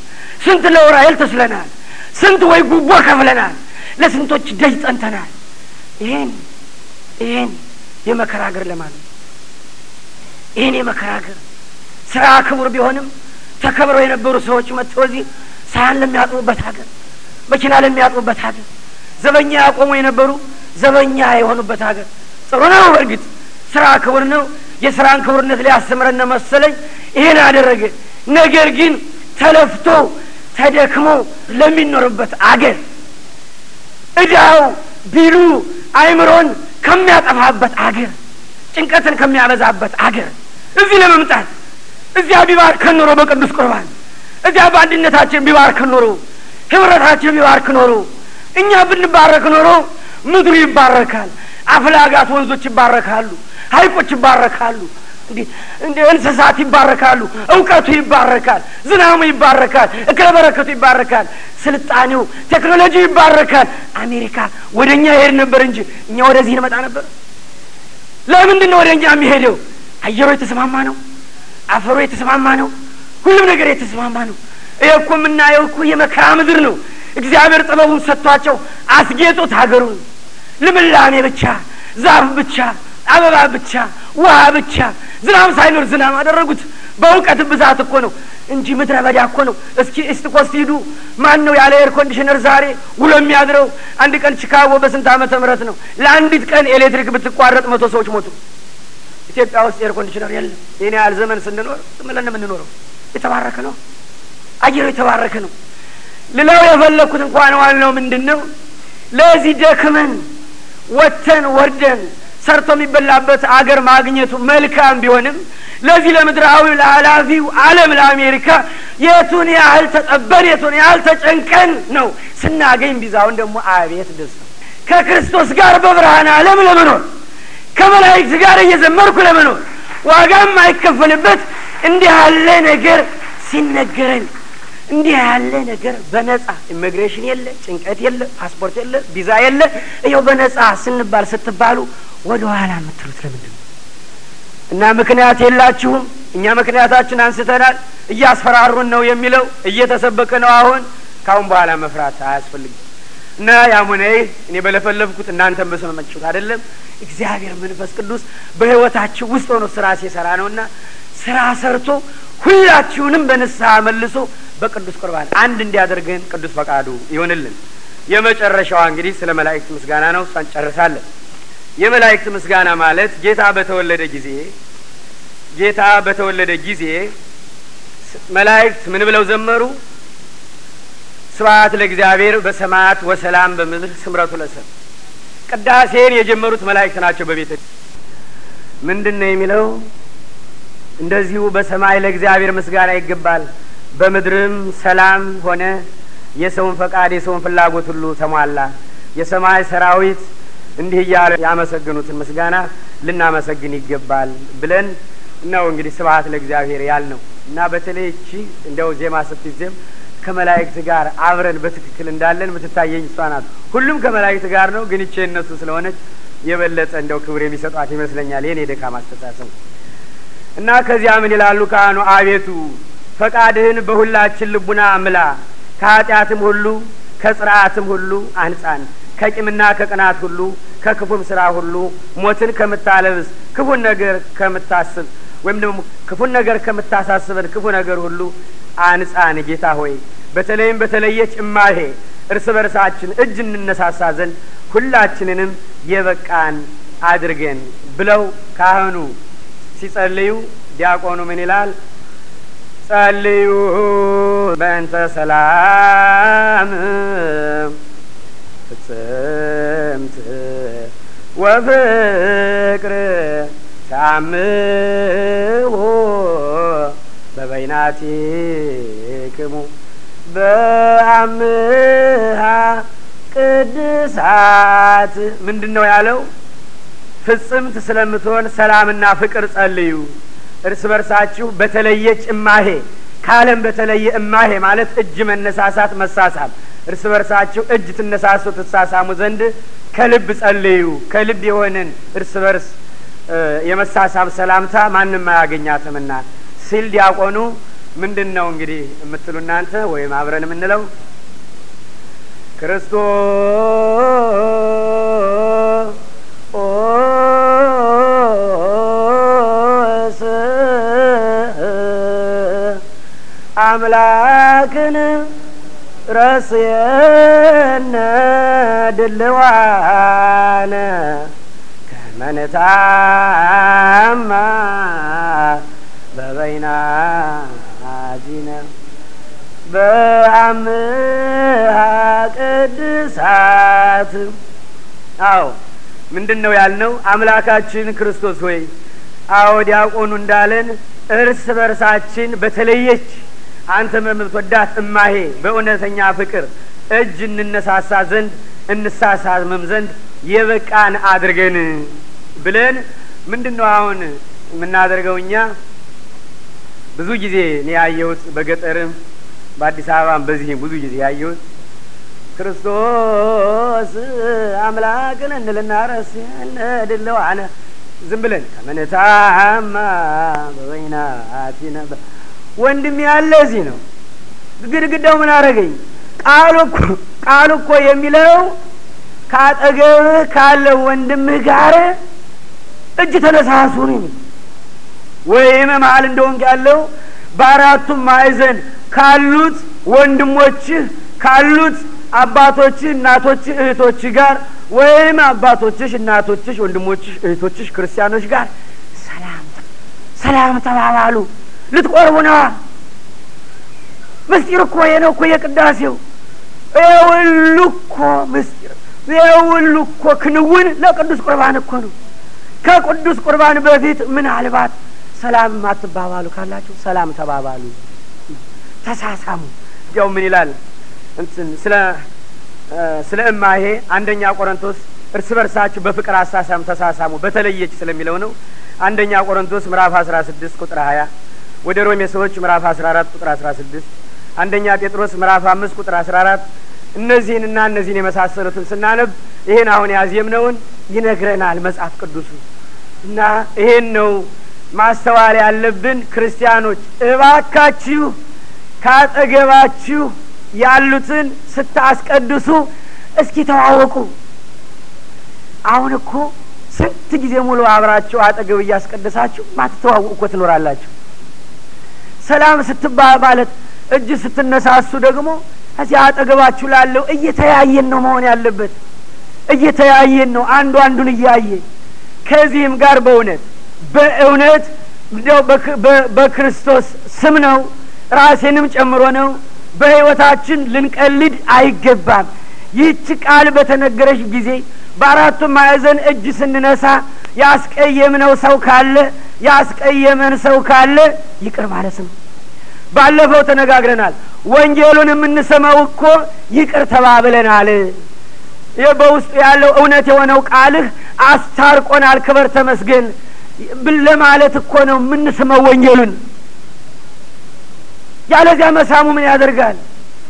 ስንት ለውራኤል ተስለናል፣ ስንት ወይ ጉቦ ከፍለናል፣ ለስንቶች ደጅ ጠንተናል። ይሄን ይሄን የመከራ ሀገር ለማለት ይሄን የመከራ ሀገር ስራ ክቡር ቢሆንም ተከብረው የነበሩ ሰዎች መጥተው እዚህ ሳህን ለሚያጥቡበት ሀገር፣ መኪና ለሚያጥቡበት ሀገር፣ ዘበኛ ያቆሙ የነበሩ ዘበኛ የሆኑበት ሀገር ጥሩ ነው። በእርግጥ ስራ ክቡር ነው። የስራን ክቡርነት ሊያስተምረን መሰለኝ ይህን አደረገ። ነገር ግን ተለፍቶ ተደክሞ ለሚኖርበት አገር እዳው ቢሉ አይምሮን ከሚያጠፋበት አገር፣ ጭንቀትን ከሚያበዛበት አገር እዚህ ለመምጣት እዚያ ቢባርከን ኖሮ በቅዱስ ቁርባን እዚያ በአንድነታችን ቢባርከን ኖሮ ህብረታችን ቢባርክ ኖሮ እኛ ብንባረክ ኖሮ ምድሩ ይባረካል። አፍላጋት ወንዞች ይባረካሉ፣ ሀይቆች ይባረካሉ፣ እንስሳት ይባረካሉ፣ እውቀቱ ይባረካል፣ ዝናሙ ይባረካል፣ እክለ በረከቱ ይባረካል፣ ስልጣኔው፣ ቴክኖሎጂው ይባረካል። አሜሪካ ወደ እኛ ይሄድ ነበር እንጂ እኛ ወደዚህ እንመጣ ነበር። ለምንድን ነው ወደ እኛ የሚሄደው? አየሮ የተስማማ ነው። አፈሩ የተስማማ ነው። ሁሉም ነገር የተስማማ ነው። ይህ እኮ የምናየው እኮ የመከራ ምድር ነው። እግዚአብሔር ጥበቡን ሰጥቷቸው አስጌጡት ሀገሩን ልምላሜ ብቻ፣ ዛፍ ብቻ፣ አበባ ብቻ፣ ውሃ ብቻ፣ ዝናብ ሳይኖር ዝናብ አደረጉት። በእውቀት ብዛት እኮ ነው እንጂ ምድረ በዳ እኮ ነው። እስኪ ኢስት ኮስት ሂዱ። ማን ነው ያለ ኤር ኮንዲሽነር ዛሬ ውሎ የሚያድረው? አንድ ቀን ቺካጎ በስንት ዓመተ ምህረት ነው ለአንዲት ቀን ኤሌክትሪክ ብትቋረጥ መቶ ሰዎች ሞቱ። ኢትዮጵያ ውስጥ ኤር ኮንዲሽነር የለም። ይህን ያህል ዘመን ስንኖር ምለን የምንኖረው የተባረከ ነው። አየሩ የተባረከ ነው። ልለው የፈለግኩት እንኳን ዋናው ምንድን ነው ለዚህ ደክመን ወጥተን ወርደን ሰርቶ የሚበላበት አገር ማግኘቱ መልካም ቢሆንም ለዚህ ለምድራዊ ለአላፊው ዓለም ለአሜሪካ የቱን ያህል ተጠበን የቱን ያህል ተጨንቀን ነው ስናገኝ ቢዛውን ደግሞ አቤት ደስ ከክርስቶስ ጋር በብርሃን ዓለም ለመኖር ከመላእክት ጋር እየዘመርኩ ለመኖር ዋጋ አይከፈልበት እንዲህ ያለ ነገር ሲነገረን እንዲህ ያለ ነገር በነጻ ኢሚግሬሽን የለ፣ ጭንቀት የለ፣ ፓስፖርት የለ፣ ቪዛ የለ፣ ይኸው በነጻ ስንባል ስትባሉ ወደ ኋላ የምትሉት ለምንድን ነው? እና ምክንያት የላችሁም። እኛ ምክንያታችን አንስተናል። እያስፈራሩን ነው የሚለው እየተሰበከ ነው። አሁን ካሁን በኋላ መፍራት አያስፈልግም። እና ያሙናዬ እኔ በለፈለፍኩት እናንተን በሰመመችሁት አይደለም። እግዚአብሔር መንፈስ ቅዱስ በህይወታችሁ ውስጥ ሆኖ ስራ ሲሰራ ነውና ስራ ሰርቶ ሁላችሁንም በንስሐ መልሶ በቅዱስ ቁርባን አንድ እንዲያደርገን ቅዱስ ፈቃዱ ይሆንልን። የመጨረሻዋ እንግዲህ ስለ መላእክት ምስጋና ነው። እሷን ጨርሳለን። የመላእክት ምስጋና ማለት ጌታ በተወለደ ጊዜ ጌታ በተወለደ ጊዜ መላእክት ምን ብለው ዘመሩ? ስብሐት ለእግዚአብሔር በሰማያት ወሰላም በምድር ስምረቱ ለሰብ ቅዳሴን የጀመሩት መላእክት ናቸው። በቤተ ምንድን ነው የሚለው? እንደዚሁ በሰማይ ለእግዚአብሔር ምስጋና ይገባል፣ በምድርም ሰላም ሆነ፣ የሰውን ፈቃድ የሰውን ፍላጎት ሁሉ ተሟላ። የሰማይ ሰራዊት እንዲህ እያለ ያመሰግኑትን ምስጋና ልናመሰግን ይገባል ብለን ነው እንግዲህ ስብሐት ለእግዚአብሔር ያል ነው እና በተለይ እቺ እንደው ዜማ ስትዜም ከመላእክት ጋር አብረን በትክክል እንዳለን የምትታየኝ እሷ ናት። ሁሉም ከመላእክት ጋር ነው፣ ግን ይቼ እነሱ ስለሆነች የበለጠ እንደው ክብር የሚሰጧት ይመስለኛል። የኔ ደካማ አስተሳሰብ እና ከዚያ ምን ይላሉ ካህኑ? አቤቱ ፈቃድህን በሁላችን ልቡና ምላ፣ ከኃጢአትም ሁሉ ከጽርአትም ሁሉ አንጻን፣ ከቂምና ከቅናት ሁሉ ከክፉም ስራ ሁሉ ሞትን ከምታለብስ ክፉን ነገር ከምታስብ ወይም ደግሞ ክፉን ነገር ከምታሳስበን ክፉ ነገር ሁሉ አንጻን ጌታ ሆይ በተለይም በተለየ ጭማሄ እርስ በርሳችን እጅ እንነሳሳ ዘንድ ሁላችንንም የበቃን አድርገን ብለው ካህኑ ሲጸልዩ ዲያቆኑ ምን ይላል? ጸልዩ በእንተ ሰላም ፍጽምት ወፍቅር ታምሁ በበይናቲክሙ በአምሃ ቅድሳት ምንድን ነው ያለው? ፍጽምት ስለምትሆን ሰላምና ፍቅር ጸልዩ እርስ በርሳችሁ በተለየ ጭማሄ ከዓለም በተለየ እማሄ ማለት እጅ መነሳሳት መሳሳም፣ እርስ በርሳችሁ እጅ ትነሳሱ ትሳሳሙ ዘንድ ከልብ ጸልዩ። ከልብ የሆንን እርስ በርስ የመሳሳም ሰላምታ ማንም አያገኛትምና ሲል ዲያቆኑ ምንድን ነው እንግዲህ የምትሉ እናንተ ወይም አብረን የምንለው ክርስቶስ አምላክን ረስየነ ድልዋነ ከመነታማ በበይና አዚነ በአምሃ ቅድሳት። አዎ ምንድን ነው ያልነው? አምላካችን ክርስቶስ ሆይ፣ አዎ ዲያቆኑ እንዳለን እርስ በርሳችን በተለየች አንተ በምትወዳት እማሄ በእውነተኛ ፍቅር እጅ እንነሳሳ ዘንድ እንሳሳምም ዘንድ የበቃን አድርገን ብለን ምንድን ነው አሁን የምናደርገው እኛ ብዙ ጊዜ እኔ ያየሁት በገጠርም በአዲስ አበባም በዚህም ብዙ ጊዜ ያየሁት ክርስቶስ አምላክን እንልና ረስ እንድለው ዝም ብለን ከምንታማ በወይና ነበር ወንድም ያለ እዚህ ነው። ግድግዳው ምን አረገኝ? ቃሉ እኮ ቃሉ እኮ የሚለው ካጠገብህ ካለው ወንድምህ ጋር እጅ ተነሳሱ ነው የሚለው ወይም መሀል እንደወንግ ያለው በአራቱም ማዕዘን ካሉት ወንድሞችህ ካሉት አባቶችህ እናቶችህ እህቶችህ ጋር ወይም አባቶችሽ እናቶችሽ ወንድሞችሽ እህቶችሽ ክርስቲያኖች ጋር ሰላም ሰላም ተባባሉ። ልትቆርቡ ነዋ። ምስጢር እኮ የነው እኮ የቅዳሴው የውሉ እኮ ምስጢር የውሉ እኮ ክንውን ለቅዱስ ቁርባን እኮ ነው። ከቅዱስ ቁርባን በፊት ምናልባት ሰላም አትባባሉ ካላችሁ ሰላም ተባባሉ፣ ተሳሳሙ። ያው ምን ይላል እንትን ስለ ስለ እማሄ አንደኛ ቆሮንቶስ እርስ በርሳችሁ በፍቅር አሳሳም ተሳሳሙ በተለየች ስለሚለው ነው። አንደኛ ቆሮንቶስ ምዕራፍ ስድስት ቁጥር ሀያ ወደ ሮሜ ሰዎች ምዕራፍ 14 ቁጥር 16 አንደኛ ጴጥሮስ ምዕራፍ 5 ቁጥር 14 እነዚህንና እነዚህን የመሳሰሉትን ስናነብ ይሄን አሁን ያዜምነውን ይነግረናል መጽሐፍ ቅዱሱ እና ይሄን ነው ማስተዋል ያለብን ክርስቲያኖች፣ እባካችሁ ካጠገባችሁ ያሉትን ስታስቀድሱ እስኪ ተዋወቁ። አሁን እኮ ስንት ጊዜ ሙሉ አብራችሁ አጠገብ እያስቀደሳችሁ ማትተዋወቁ እኮ ትኖራላችሁ። ሰላም ስትባ ማለት እጅ ስትነሳሱ ደግሞ እዚህ አጠገባችሁ ላለው እየተያየን ነው መሆን ያለበት፣ እየተያየን ነው አንዱ አንዱን እያየ ከዚህም ጋር በእውነት በእውነት እንዲያው በክርስቶስ ስም ነው፣ ራሴንም ጨምሮ ነው። በህይወታችን ልንቀልድ አይገባም። ይህች ቃል በተነገረች ጊዜ በአራቱ ማዕዘን እጅ ስንነሳ ያስቀየምነው ሰው ካለ ያስቀየመን ሰው ካለ ይቅር ማለት ነው። ባለፈው ተነጋግረናል። ወንጌሉን የምንሰማው እኮ ይቅር ተባብለናል። ይህ በውስጡ ያለው እውነት የሆነው ቃልህ አስታርቆናል። ክበር ተመስገን። ለማለት እኮ ነው የምንስመው ወንጀሉን ያለዚያ መሳሙ ምን ያደርጋል?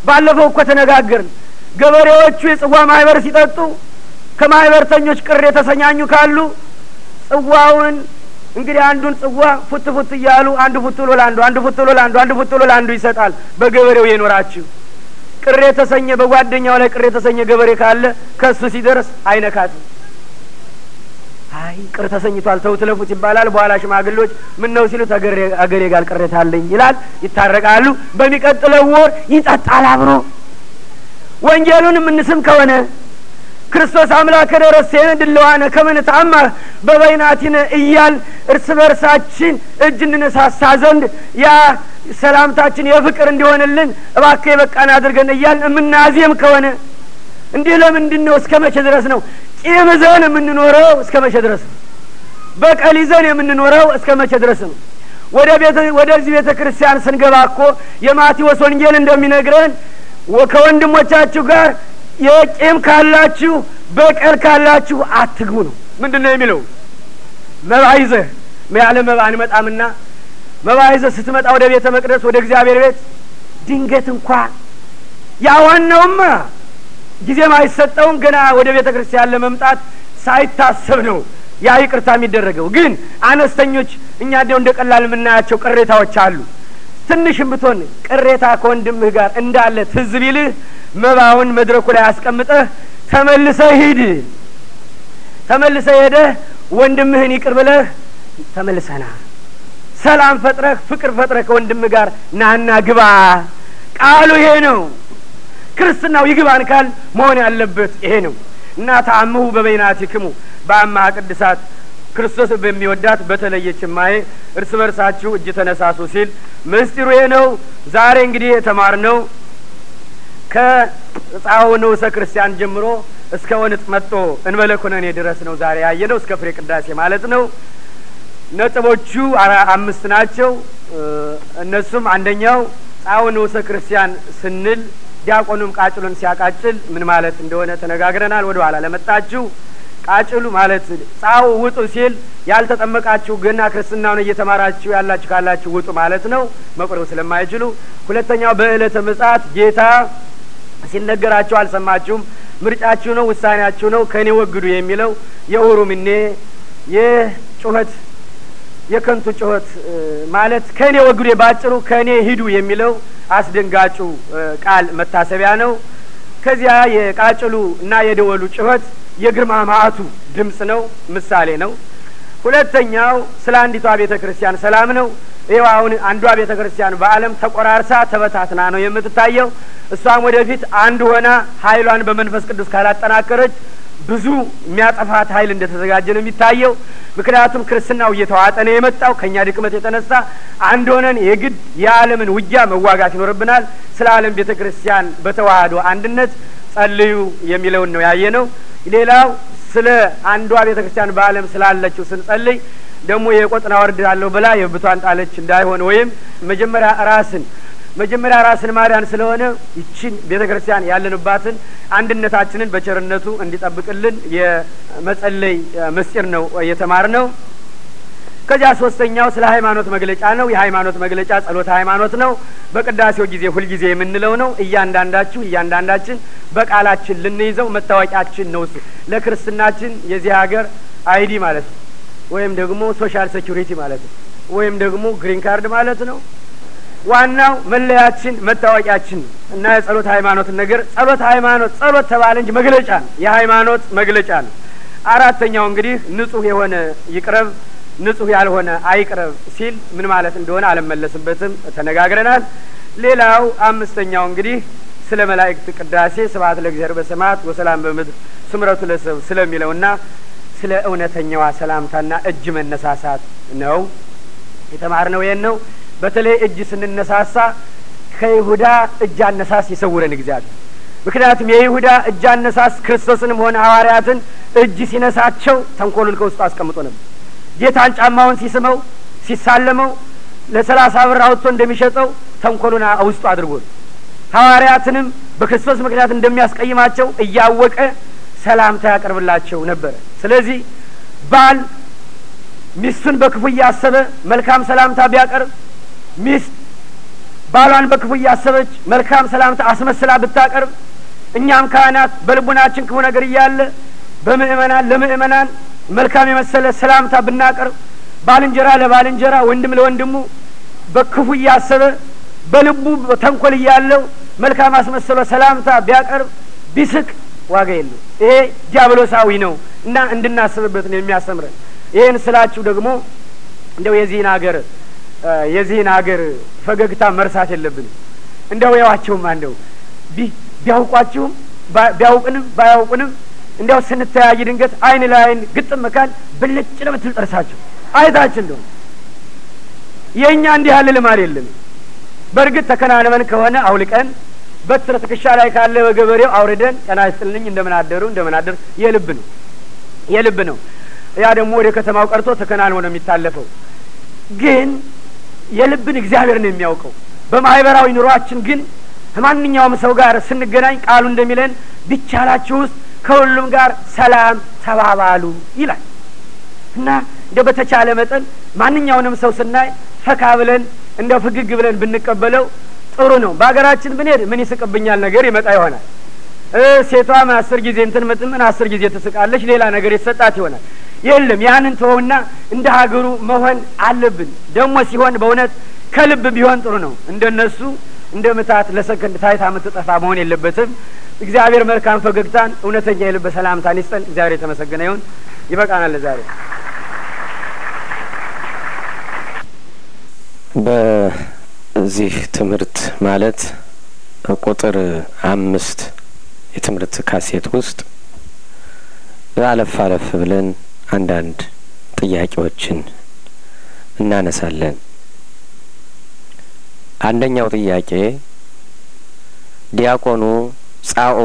ባለፈው እኮ ተነጋግርን ገበሬዎቹ የጽዋ ማህበር ሲጠጡ ከማህበርተኞች ቅር የተሰኛኙ ካሉ ጽዋውን እንግዲህ አንዱን ጽዋ ፉት ፉት እያሉ አንድ ፉት ሎ ለአንዱ አንድ ፉት ሎ ለአንዱ አንድ ፉት ሎ ለአንዱ ይሰጣል። በገበሬው የኖራችሁ ቅር የተሰኘ በጓደኛው ላይ ቅር የተሰኘ ገበሬ ካለ ከእሱ ሲደርስ አይነካትም። አይ ቅር ተሰኝቷል፣ ተውት ለፉት ይባላል። በኋላ ሽማግሌዎች ምን ነው ሲሉት አገሬ ጋር ቅሬታ አለኝ ይላል። ይታረቃሉ። በሚቀጥለው ወር ይጠጣል አብሮ። ወንጌሉን የምንስም ከሆነ ክርስቶስ አምላክ ረሴን ድለዋነ ከምንታማ በበይናቲነ እያል እርስ በርሳችን እጅ እንነሳሳ ዘንድ ያ ሰላምታችን የፍቅር እንዲሆንልን እባክህ የበቃን አድርገን እያል የምናዜም ከሆነ እንዲህ ለምንድን ነው? እስከ መቼ ድረስ ነው ቂም ዘን የምንኖረው? እስከ መቼ ድረስ ነው በቀል ይዘን የምንኖረው? እስከ መቼ ድረስ ነው? ወደ ቤተ ወደዚህ ቤተ ክርስቲያን ስንገባ እኮ የማቴዎስ ወንጌል እንደሚነግረን ከወንድሞቻችሁ ጋር የቂም ካላችሁ በቀል ካላችሁ አትግቡ ነው። ምንድን ነው የሚለው? መባ ይዘህ ያለ መባ አንመጣምና መባ ይዘህ ስትመጣ ወደ ቤተ መቅደስ ወደ እግዚአብሔር ቤት ድንገት እንኳ ያዋናውማ ጊዜ አይሰጠውም። ገና ወደ ቤተ ክርስቲያን ለመምጣት ሳይታሰብ ነው ያ ይቅርታ የሚደረገው። ግን አነስተኞች እኛ እንደው እንደ ቀላል የምናያቸው ቅሬታዎች አሉ። ትንሽም ብትሆን ቅሬታ ከወንድምህ ጋር እንዳለ ትዝ ቢልህ መባውን መድረኩ ላይ አስቀምጠህ ተመልሰ ሂድ። ተመልሰ ሄደህ ወንድምህን ይቅር ብለህ ተመልሰና ሰላም ፈጥረህ ፍቅር ፈጥረህ ከወንድምህ ጋር ናና ግባ። ቃሉ ይሄ ነው። ክርስትናው ይግባን ካል መሆን ያለበት ይሄ ነው እና በበይናት ክሙ በአማ ቅድሳት ክርስቶስ በሚወዳት በተለየች ማይ እርስ በርሳችሁ እጅ ተነሳሱ ሲል ምስጢሩ ይሄ ነው። ዛሬ እንግዲህ የተማር ነው ከጻው ንዑሰ ክርስቲያን ጀምሮ እስከ ወንጥ መጥቶ እንበለ ኩነኔ ድረስ ነው ዛሬ ያየነው እስከ ፍሬ ቅዳሴ ማለት ነው። ነጥቦቹ አምስት ናቸው። እነሱም አንደኛው ጻው ንዑሰ ክርስቲያን ስንል ዲያቆኑም ቃጭሉን ሲያቃጭል ምን ማለት እንደሆነ ተነጋግረናል። ወደ ኋላ ለመጣችሁ ቃጭሉ ማለት ጻው ውጡ ሲል ያልተጠመቃችሁ ገና ክርስትናውን እየተማራችሁ ያላችሁ ካላችሁ ውጡ ማለት ነው፣ መቁረብ ስለማይችሉ። ሁለተኛው በእለተ ምጽአት ጌታ ሲነገራችሁ አልሰማችሁም፣ ምርጫችሁ ነው፣ ውሳኔያችሁ ነው፣ ከእኔ ወግዱ የሚለው የሁሩምኔ የጩኸት የከንቱ ጩኸት ማለት ከእኔ ወግዴ ባጭሩ ከእኔ ሂዱ የሚለው አስደንጋጩ ቃል መታሰቢያ ነው። ከዚያ የቃጭሉ እና የደወሉ ጩኸት የግርማ መዓቱ ድምፅ ነው፣ ምሳሌ ነው። ሁለተኛው ስለ አንዲቷ ቤተ ክርስቲያን ሰላም ነው። ይኸው አሁን አንዷ ቤተ ክርስቲያን በዓለም ተቆራርሳ ተበታትና ነው የምትታየው። እሷም ወደፊት አንድ ሆና ኃይሏን በመንፈስ ቅዱስ ካላጠናከረች ብዙ የሚያጠፋት ኃይል እንደተዘጋጀ ነው የሚታየው። ምክንያቱም ክርስትናው እየተዋጠ ነው የመጣው። ከእኛ ድክመት የተነሳ አንድ ሆነን የግድ የዓለምን ውጊያ መዋጋት ይኖርብናል። ስለ ዓለም ቤተ ክርስቲያን በተዋህዶ አንድነት ጸልዩ የሚለውን ነው ያየ ነው። ሌላው ስለ አንዷ ቤተ ክርስቲያን በዓለም ስላለችው ስንጸልይ ደግሞ የቆጥና ወርድ አለው ብላ የብቷን ጣለች እንዳይሆን ወይም መጀመሪያ ራስን መጀመሪያ ራስን ማዳን ስለሆነ ይችን ቤተ ክርስቲያን ያለንባትን አንድነታችንን በቸርነቱ እንዲጠብቅልን የመጸለይ ምስጢር ነው የተማር ነው። ከዚያ ሶስተኛው ስለ ሃይማኖት መግለጫ ነው። የሃይማኖት መግለጫ ጸሎተ ሃይማኖት ነው። በቅዳሴው ጊዜ ሁልጊዜ የምንለው ነው። እያንዳንዳችሁ እያንዳንዳችን በቃላችን ልንይዘው መታወቂያችን ነው። እሱ ለክርስትናችን የዚህ ሀገር አይዲ ማለት ነው፣ ወይም ደግሞ ሶሻል ሴኩሪቲ ማለት ነው፣ ወይም ደግሞ ግሪን ካርድ ማለት ነው ዋናው መለያችን መታወቂያችን እና የጸሎት ሃይማኖትን ነገር ጸሎት ሃይማኖት ጸሎት ተባለ እንጂ መግለጫ ነው፣ የሃይማኖት መግለጫ ነው። አራተኛው እንግዲህ ንጹህ የሆነ ይቅረብ፣ ንጹህ ያልሆነ አይቅረብ ሲል ምን ማለት እንደሆነ አልመለስበትም፣ ተነጋግረናል። ሌላው አምስተኛው እንግዲህ ስለ መላእክት ቅዳሴ ስብሐት ለእግዚአብሔር በሰማያት ወሰላም በምድር ስምረቱ ለሰብ ስለሚለውና ስለ እውነተኛዋ ሰላምታና እጅ መነሳሳት ነው የተማርነው። ይህን ነው። በተለይ እጅ ስንነሳሳ ከይሁዳ እጅ አነሳስ ይሰውረን እግዚአብሔር። ምክንያቱም የይሁዳ እጅ አነሳስ ክርስቶስንም ሆነ ሐዋርያትን እጅ ሲነሳቸው ተንኮሉን ከውስጡ አስቀምጦ ነበር። ጌታን ጫማውን ሲስመው ሲሳለመው ለሰላሳ ብር አውጥቶ እንደሚሸጠው ተንኮሉን ውስጡ አድርጎ ሐዋርያትንም በክርስቶስ ምክንያት እንደሚያስቀይማቸው እያወቀ ሰላምታ ያቀርብላቸው ነበረ። ስለዚህ ባል ሚስቱን በክፉ እያሰበ መልካም ሰላምታ ቢያቀርብ ሚስት ባሏን በክፉ እያሰበች መልካም ሰላምታ አስመስላ ብታቀርብ እኛም ካህናት በልቡናችን ክፉ ነገር እያለ በምእመናን ለምእመናን መልካም የመሰለ ሰላምታ ብናቀርብ ባልንጀራ ለባልንጀራ ወንድም ለወንድሙ በክፉ እያሰበ በልቡ ተንኮል እያለው መልካም አስመስሎ ሰላምታ ቢያቀርብ ቢስቅ ዋጋ የለ ይሄ ዲያብሎሳዊ ነው እና እንድናስብበት ነው የሚያስተምረን። ይህን ስላችሁ ደግሞ እንደው የዚህን አገር የዚህን አገር ፈገግታ መርሳት የለብንም። እንዲያው ያዋቸውም አንደው ቢያውቋችሁም ቢያውቅንም ባያውቁንም እንዲያው ስንተያይ ድንገት አይን ለአይን ግጥም መካል ብልጭ ለምትል ጥርሳቸው አይታችን እንደሆነ የእኛ እንዲህ ያለ ልማድ የለም። በእርግጥ ተከናንበን ከሆነ አውልቀን በትረ ትከሻ ላይ ካለ በገበሬው አውርደን ቀና ይስጥልኝ እንደምን አደሩ እንደምን አደሩ የልብ ነው የልብ ነው። ያ ደግሞ ወደ ከተማው ቀርቶ ተከናንቦ ነው የሚታለፈው ግን የልብን እግዚአብሔር ነው የሚያውቀው። በማህበራዊ ኑሯችን ግን ከማንኛውም ሰው ጋር ስንገናኝ ቃሉ እንደሚለን ቢቻላችሁ ውስጥ ከሁሉም ጋር ሰላም ተባባሉ ይላል እና እንደ በተቻለ መጠን ማንኛውንም ሰው ስናይ ፈካ ብለን እንደ ፍግግ ብለን ብንቀበለው ጥሩ ነው። በሀገራችን ብንሄድ ምን ይስቅብኛል ነገር ይመጣ ይሆናል። ሴቷም አስር ጊዜ እንትን ምን አስር ጊዜ ትስቃለች፣ ሌላ ነገር የተሰጣት ይሆናል። የለም ያንን ተወውና እንደ ሀገሩ መሆን አለብን። ደግሞ ሲሆን በእውነት ከልብ ቢሆን ጥሩ ነው። እንደነሱ እንደ ምታት ለሰከንድ ታይታ የምትጠፋ መሆን የለበትም። እግዚአብሔር መልካም ፈገግታን፣ እውነተኛ የልብ ሰላምታን ይስጠን። እግዚአብሔር የተመሰገነ ይሁን። ይበቃናል ዛሬ። በዚህ ትምህርት ማለት ቁጥር አምስት የትምህርት ካሴት ውስጥ አለፍ አለፍ ብለን አንዳንድ ጥያቄዎችን እናነሳለን። አንደኛው ጥያቄ ዲያቆኑ ጻኦ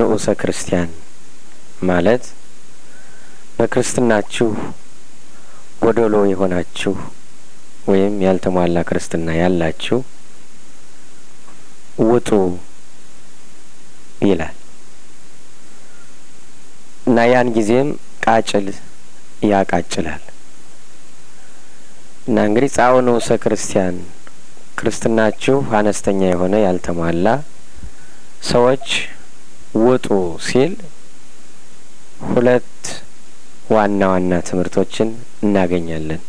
ንዑሰ ክርስቲያን ማለት በክርስትናችሁ ጎደሎ የሆናችሁ ወይም ያልተሟላ ክርስትና ያላችሁ ውጡ ይላል እና ያን ጊዜም ቃጭል ያቃጭላል እና እንግዲህ ጻኦ ንዑሰ ክርስቲያን ክርስትናችሁ አነስተኛ የሆነ ያልተሟላ ሰዎች ውጡ ሲል ሁለት ዋና ዋና ትምህርቶችን እናገኛለን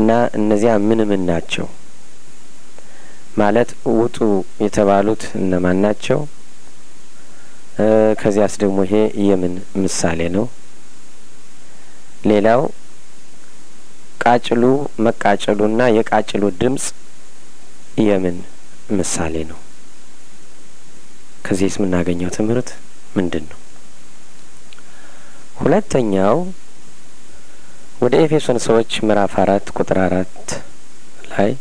እና እነዚያ ምን ምን ናቸው? ማለት ውጡ የተባሉት እነማን ናቸው? ከዚያስ ደግሞ ይሄ የምን ምሳሌ ነው? ሌላው ቃጭሉ መቃጨሉና የቃጭሉ ድምጽ የምን ምሳሌ ነው? ከዚህስ የምናገኘው ትምህርት ምንድን ነው? ሁለተኛው ወደ ኤፌሶን ሰዎች ምዕራፍ አራት ቁጥር አራት ላይ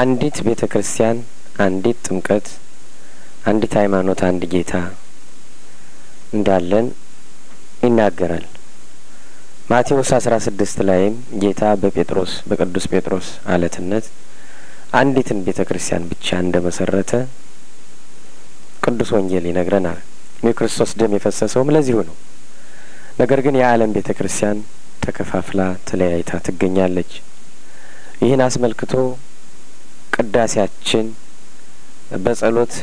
አንዲት ቤተ ክርስቲያን፣ አንዲት ጥምቀት፣ አንዲት ሃይማኖት፣ አንድ ጌታ እንዳለን ይናገራል። ማቴዎስ አስራ ስድስት ላይም ጌታ በጴጥሮስ በቅዱስ ጴጥሮስ አለትነት አንዲትን ቤተ ክርስቲያን ብቻ እንደ መሰረተ ቅዱስ ወንጌል ይነግረናል። የክርስቶስ ደም የፈሰሰውም ለዚሁ ነው። ነገር ግን የዓለም ቤተ ክርስቲያን ተከፋፍላ ተለያይታ ትገኛለች። ይህን አስመልክቶ ቅዳሴያችን በጸሎት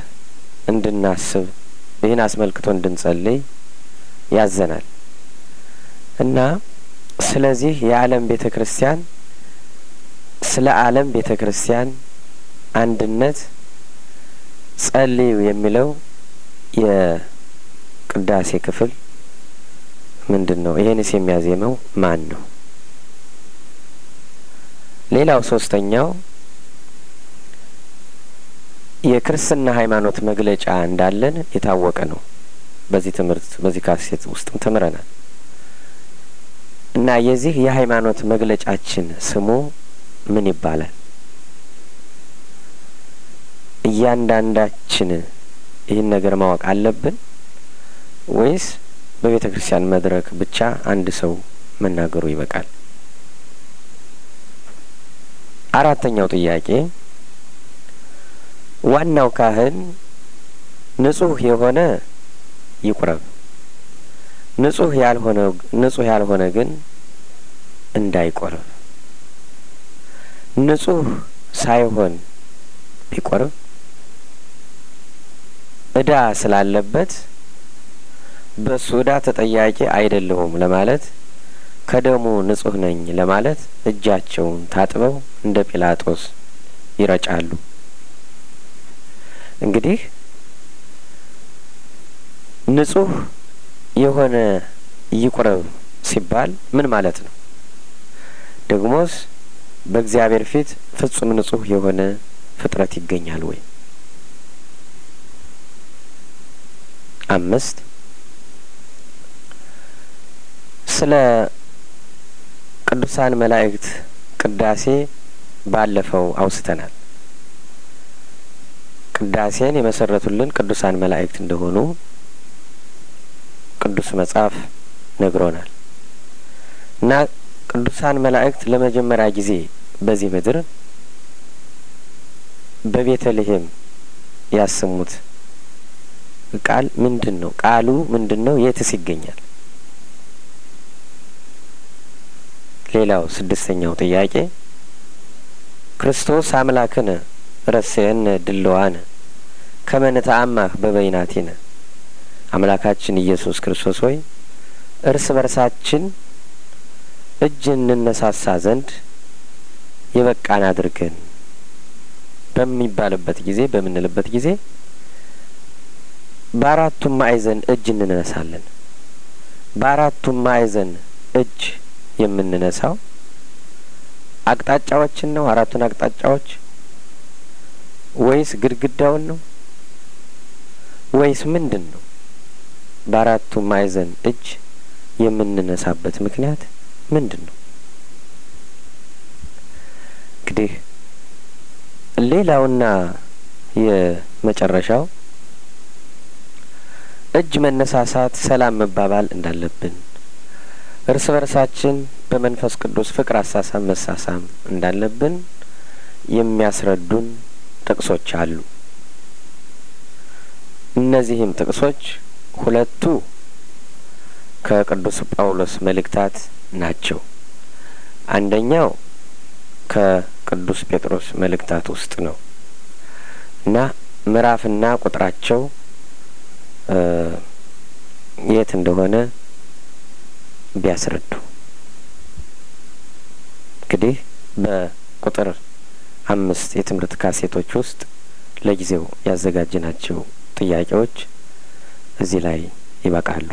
እንድናስብ ይህን አስመልክቶ እንድንጸልይ ያዘናል እና ስለዚህ የዓለም ቤተ ክርስቲያን ስለ ዓለም ቤተ ክርስቲያን አንድነት ጸልዩ የሚለው የቅዳሴ ክፍል ምንድን ነው? ይህንስ የሚያዜመው ማን ነው? ሌላው ሶስተኛው የክርስትና ሃይማኖት መግለጫ እንዳለን የታወቀ ነው። በዚህ ትምህርት በዚህ ካሴት ውስጥም ተምረናል እና የዚህ የሃይማኖት መግለጫችን ስሙ ምን ይባላል? እያንዳንዳችን ይህን ነገር ማወቅ አለብን ወይስ በቤተ ክርስቲያን መድረክ ብቻ አንድ ሰው መናገሩ ይበቃል? አራተኛው ጥያቄ ዋናው ካህን ንጹህ የሆነ ይቁረብ። ንጹህ ያልሆነ ንጹህ ያልሆነ ግን እንዳይቆርብ። ንጹህ ሳይሆን ቢቆርብ እዳ ስላለበት በሱ እዳ ተጠያቂ አይደለሁም ለማለት ከደሙ ንጹህ ነኝ ለማለት እጃቸውን ታጥበው እንደ ጲላጦስ ይረጫሉ። እንግዲህ ንጹህ የሆነ ይቁረብ ሲባል ምን ማለት ነው? ደግሞስ በእግዚአብሔር ፊት ፍጹም ንጹህ የሆነ ፍጥረት ይገኛል ወይ? አምስት ስለ ቅዱሳን መላእክት ቅዳሴ ባለፈው አውስተናል። ቅዳሴን የመሰረቱልን ቅዱሳን መላእክት እንደሆኑ ቅዱስ መጽሐፍ ነግሮናል እና ቅዱሳን መላእክት ለመጀመሪያ ጊዜ በዚህ ምድር በቤተልሔም ያሰሙት ቃል ምንድን ነው? ቃሉ ምንድን ነው? የትስ ይገኛል? ሌላው ስድስተኛው ጥያቄ ክርስቶስ አምላክነ ረሴየነ ድልዋነ ከመነታ አማህ በበይናቲነ አምላካችን ኢየሱስ ክርስቶስ ሆይ እርስ በርሳችን እጅ እንነሳሳ ዘንድ የበቃን አድርገን በሚባልበት ጊዜ በምንልበት ጊዜ በአራቱም ማዕዘን እጅ እንነሳለን። በአራቱም ማዕዘን እጅ የምንነሳው አቅጣጫዎችን ነው? አራቱን አቅጣጫዎች ወይስ ግድግዳውን ነው? ወይስ ምንድን ነው? በአራቱ ማዕዘን እጅ የምንነሳበት ምክንያት ምንድን ነው? እንግዲህ ሌላውና የመጨረሻው እጅ መነሳሳት ሰላም መባባል እንዳለብን እርስ በርሳችን በመንፈስ ቅዱስ ፍቅር አሳሳም መሳሳም እንዳለብን የሚያስረዱን ጥቅሶች አሉ። እነዚህም ጥቅሶች ሁለቱ ከቅዱስ ጳውሎስ መልእክታት ናቸው። አንደኛው ከቅዱስ ጴጥሮስ መልእክታት ውስጥ ነው እና ምዕራፍና ቁጥራቸው የት እንደሆነ ቢያስረዱ እንግዲህ በቁጥር አምስት የትምህርት ካሴቶች ውስጥ ለጊዜው ያዘጋጅናቸው ጥያቄዎች እዚህ ላይ ይበቃሉ።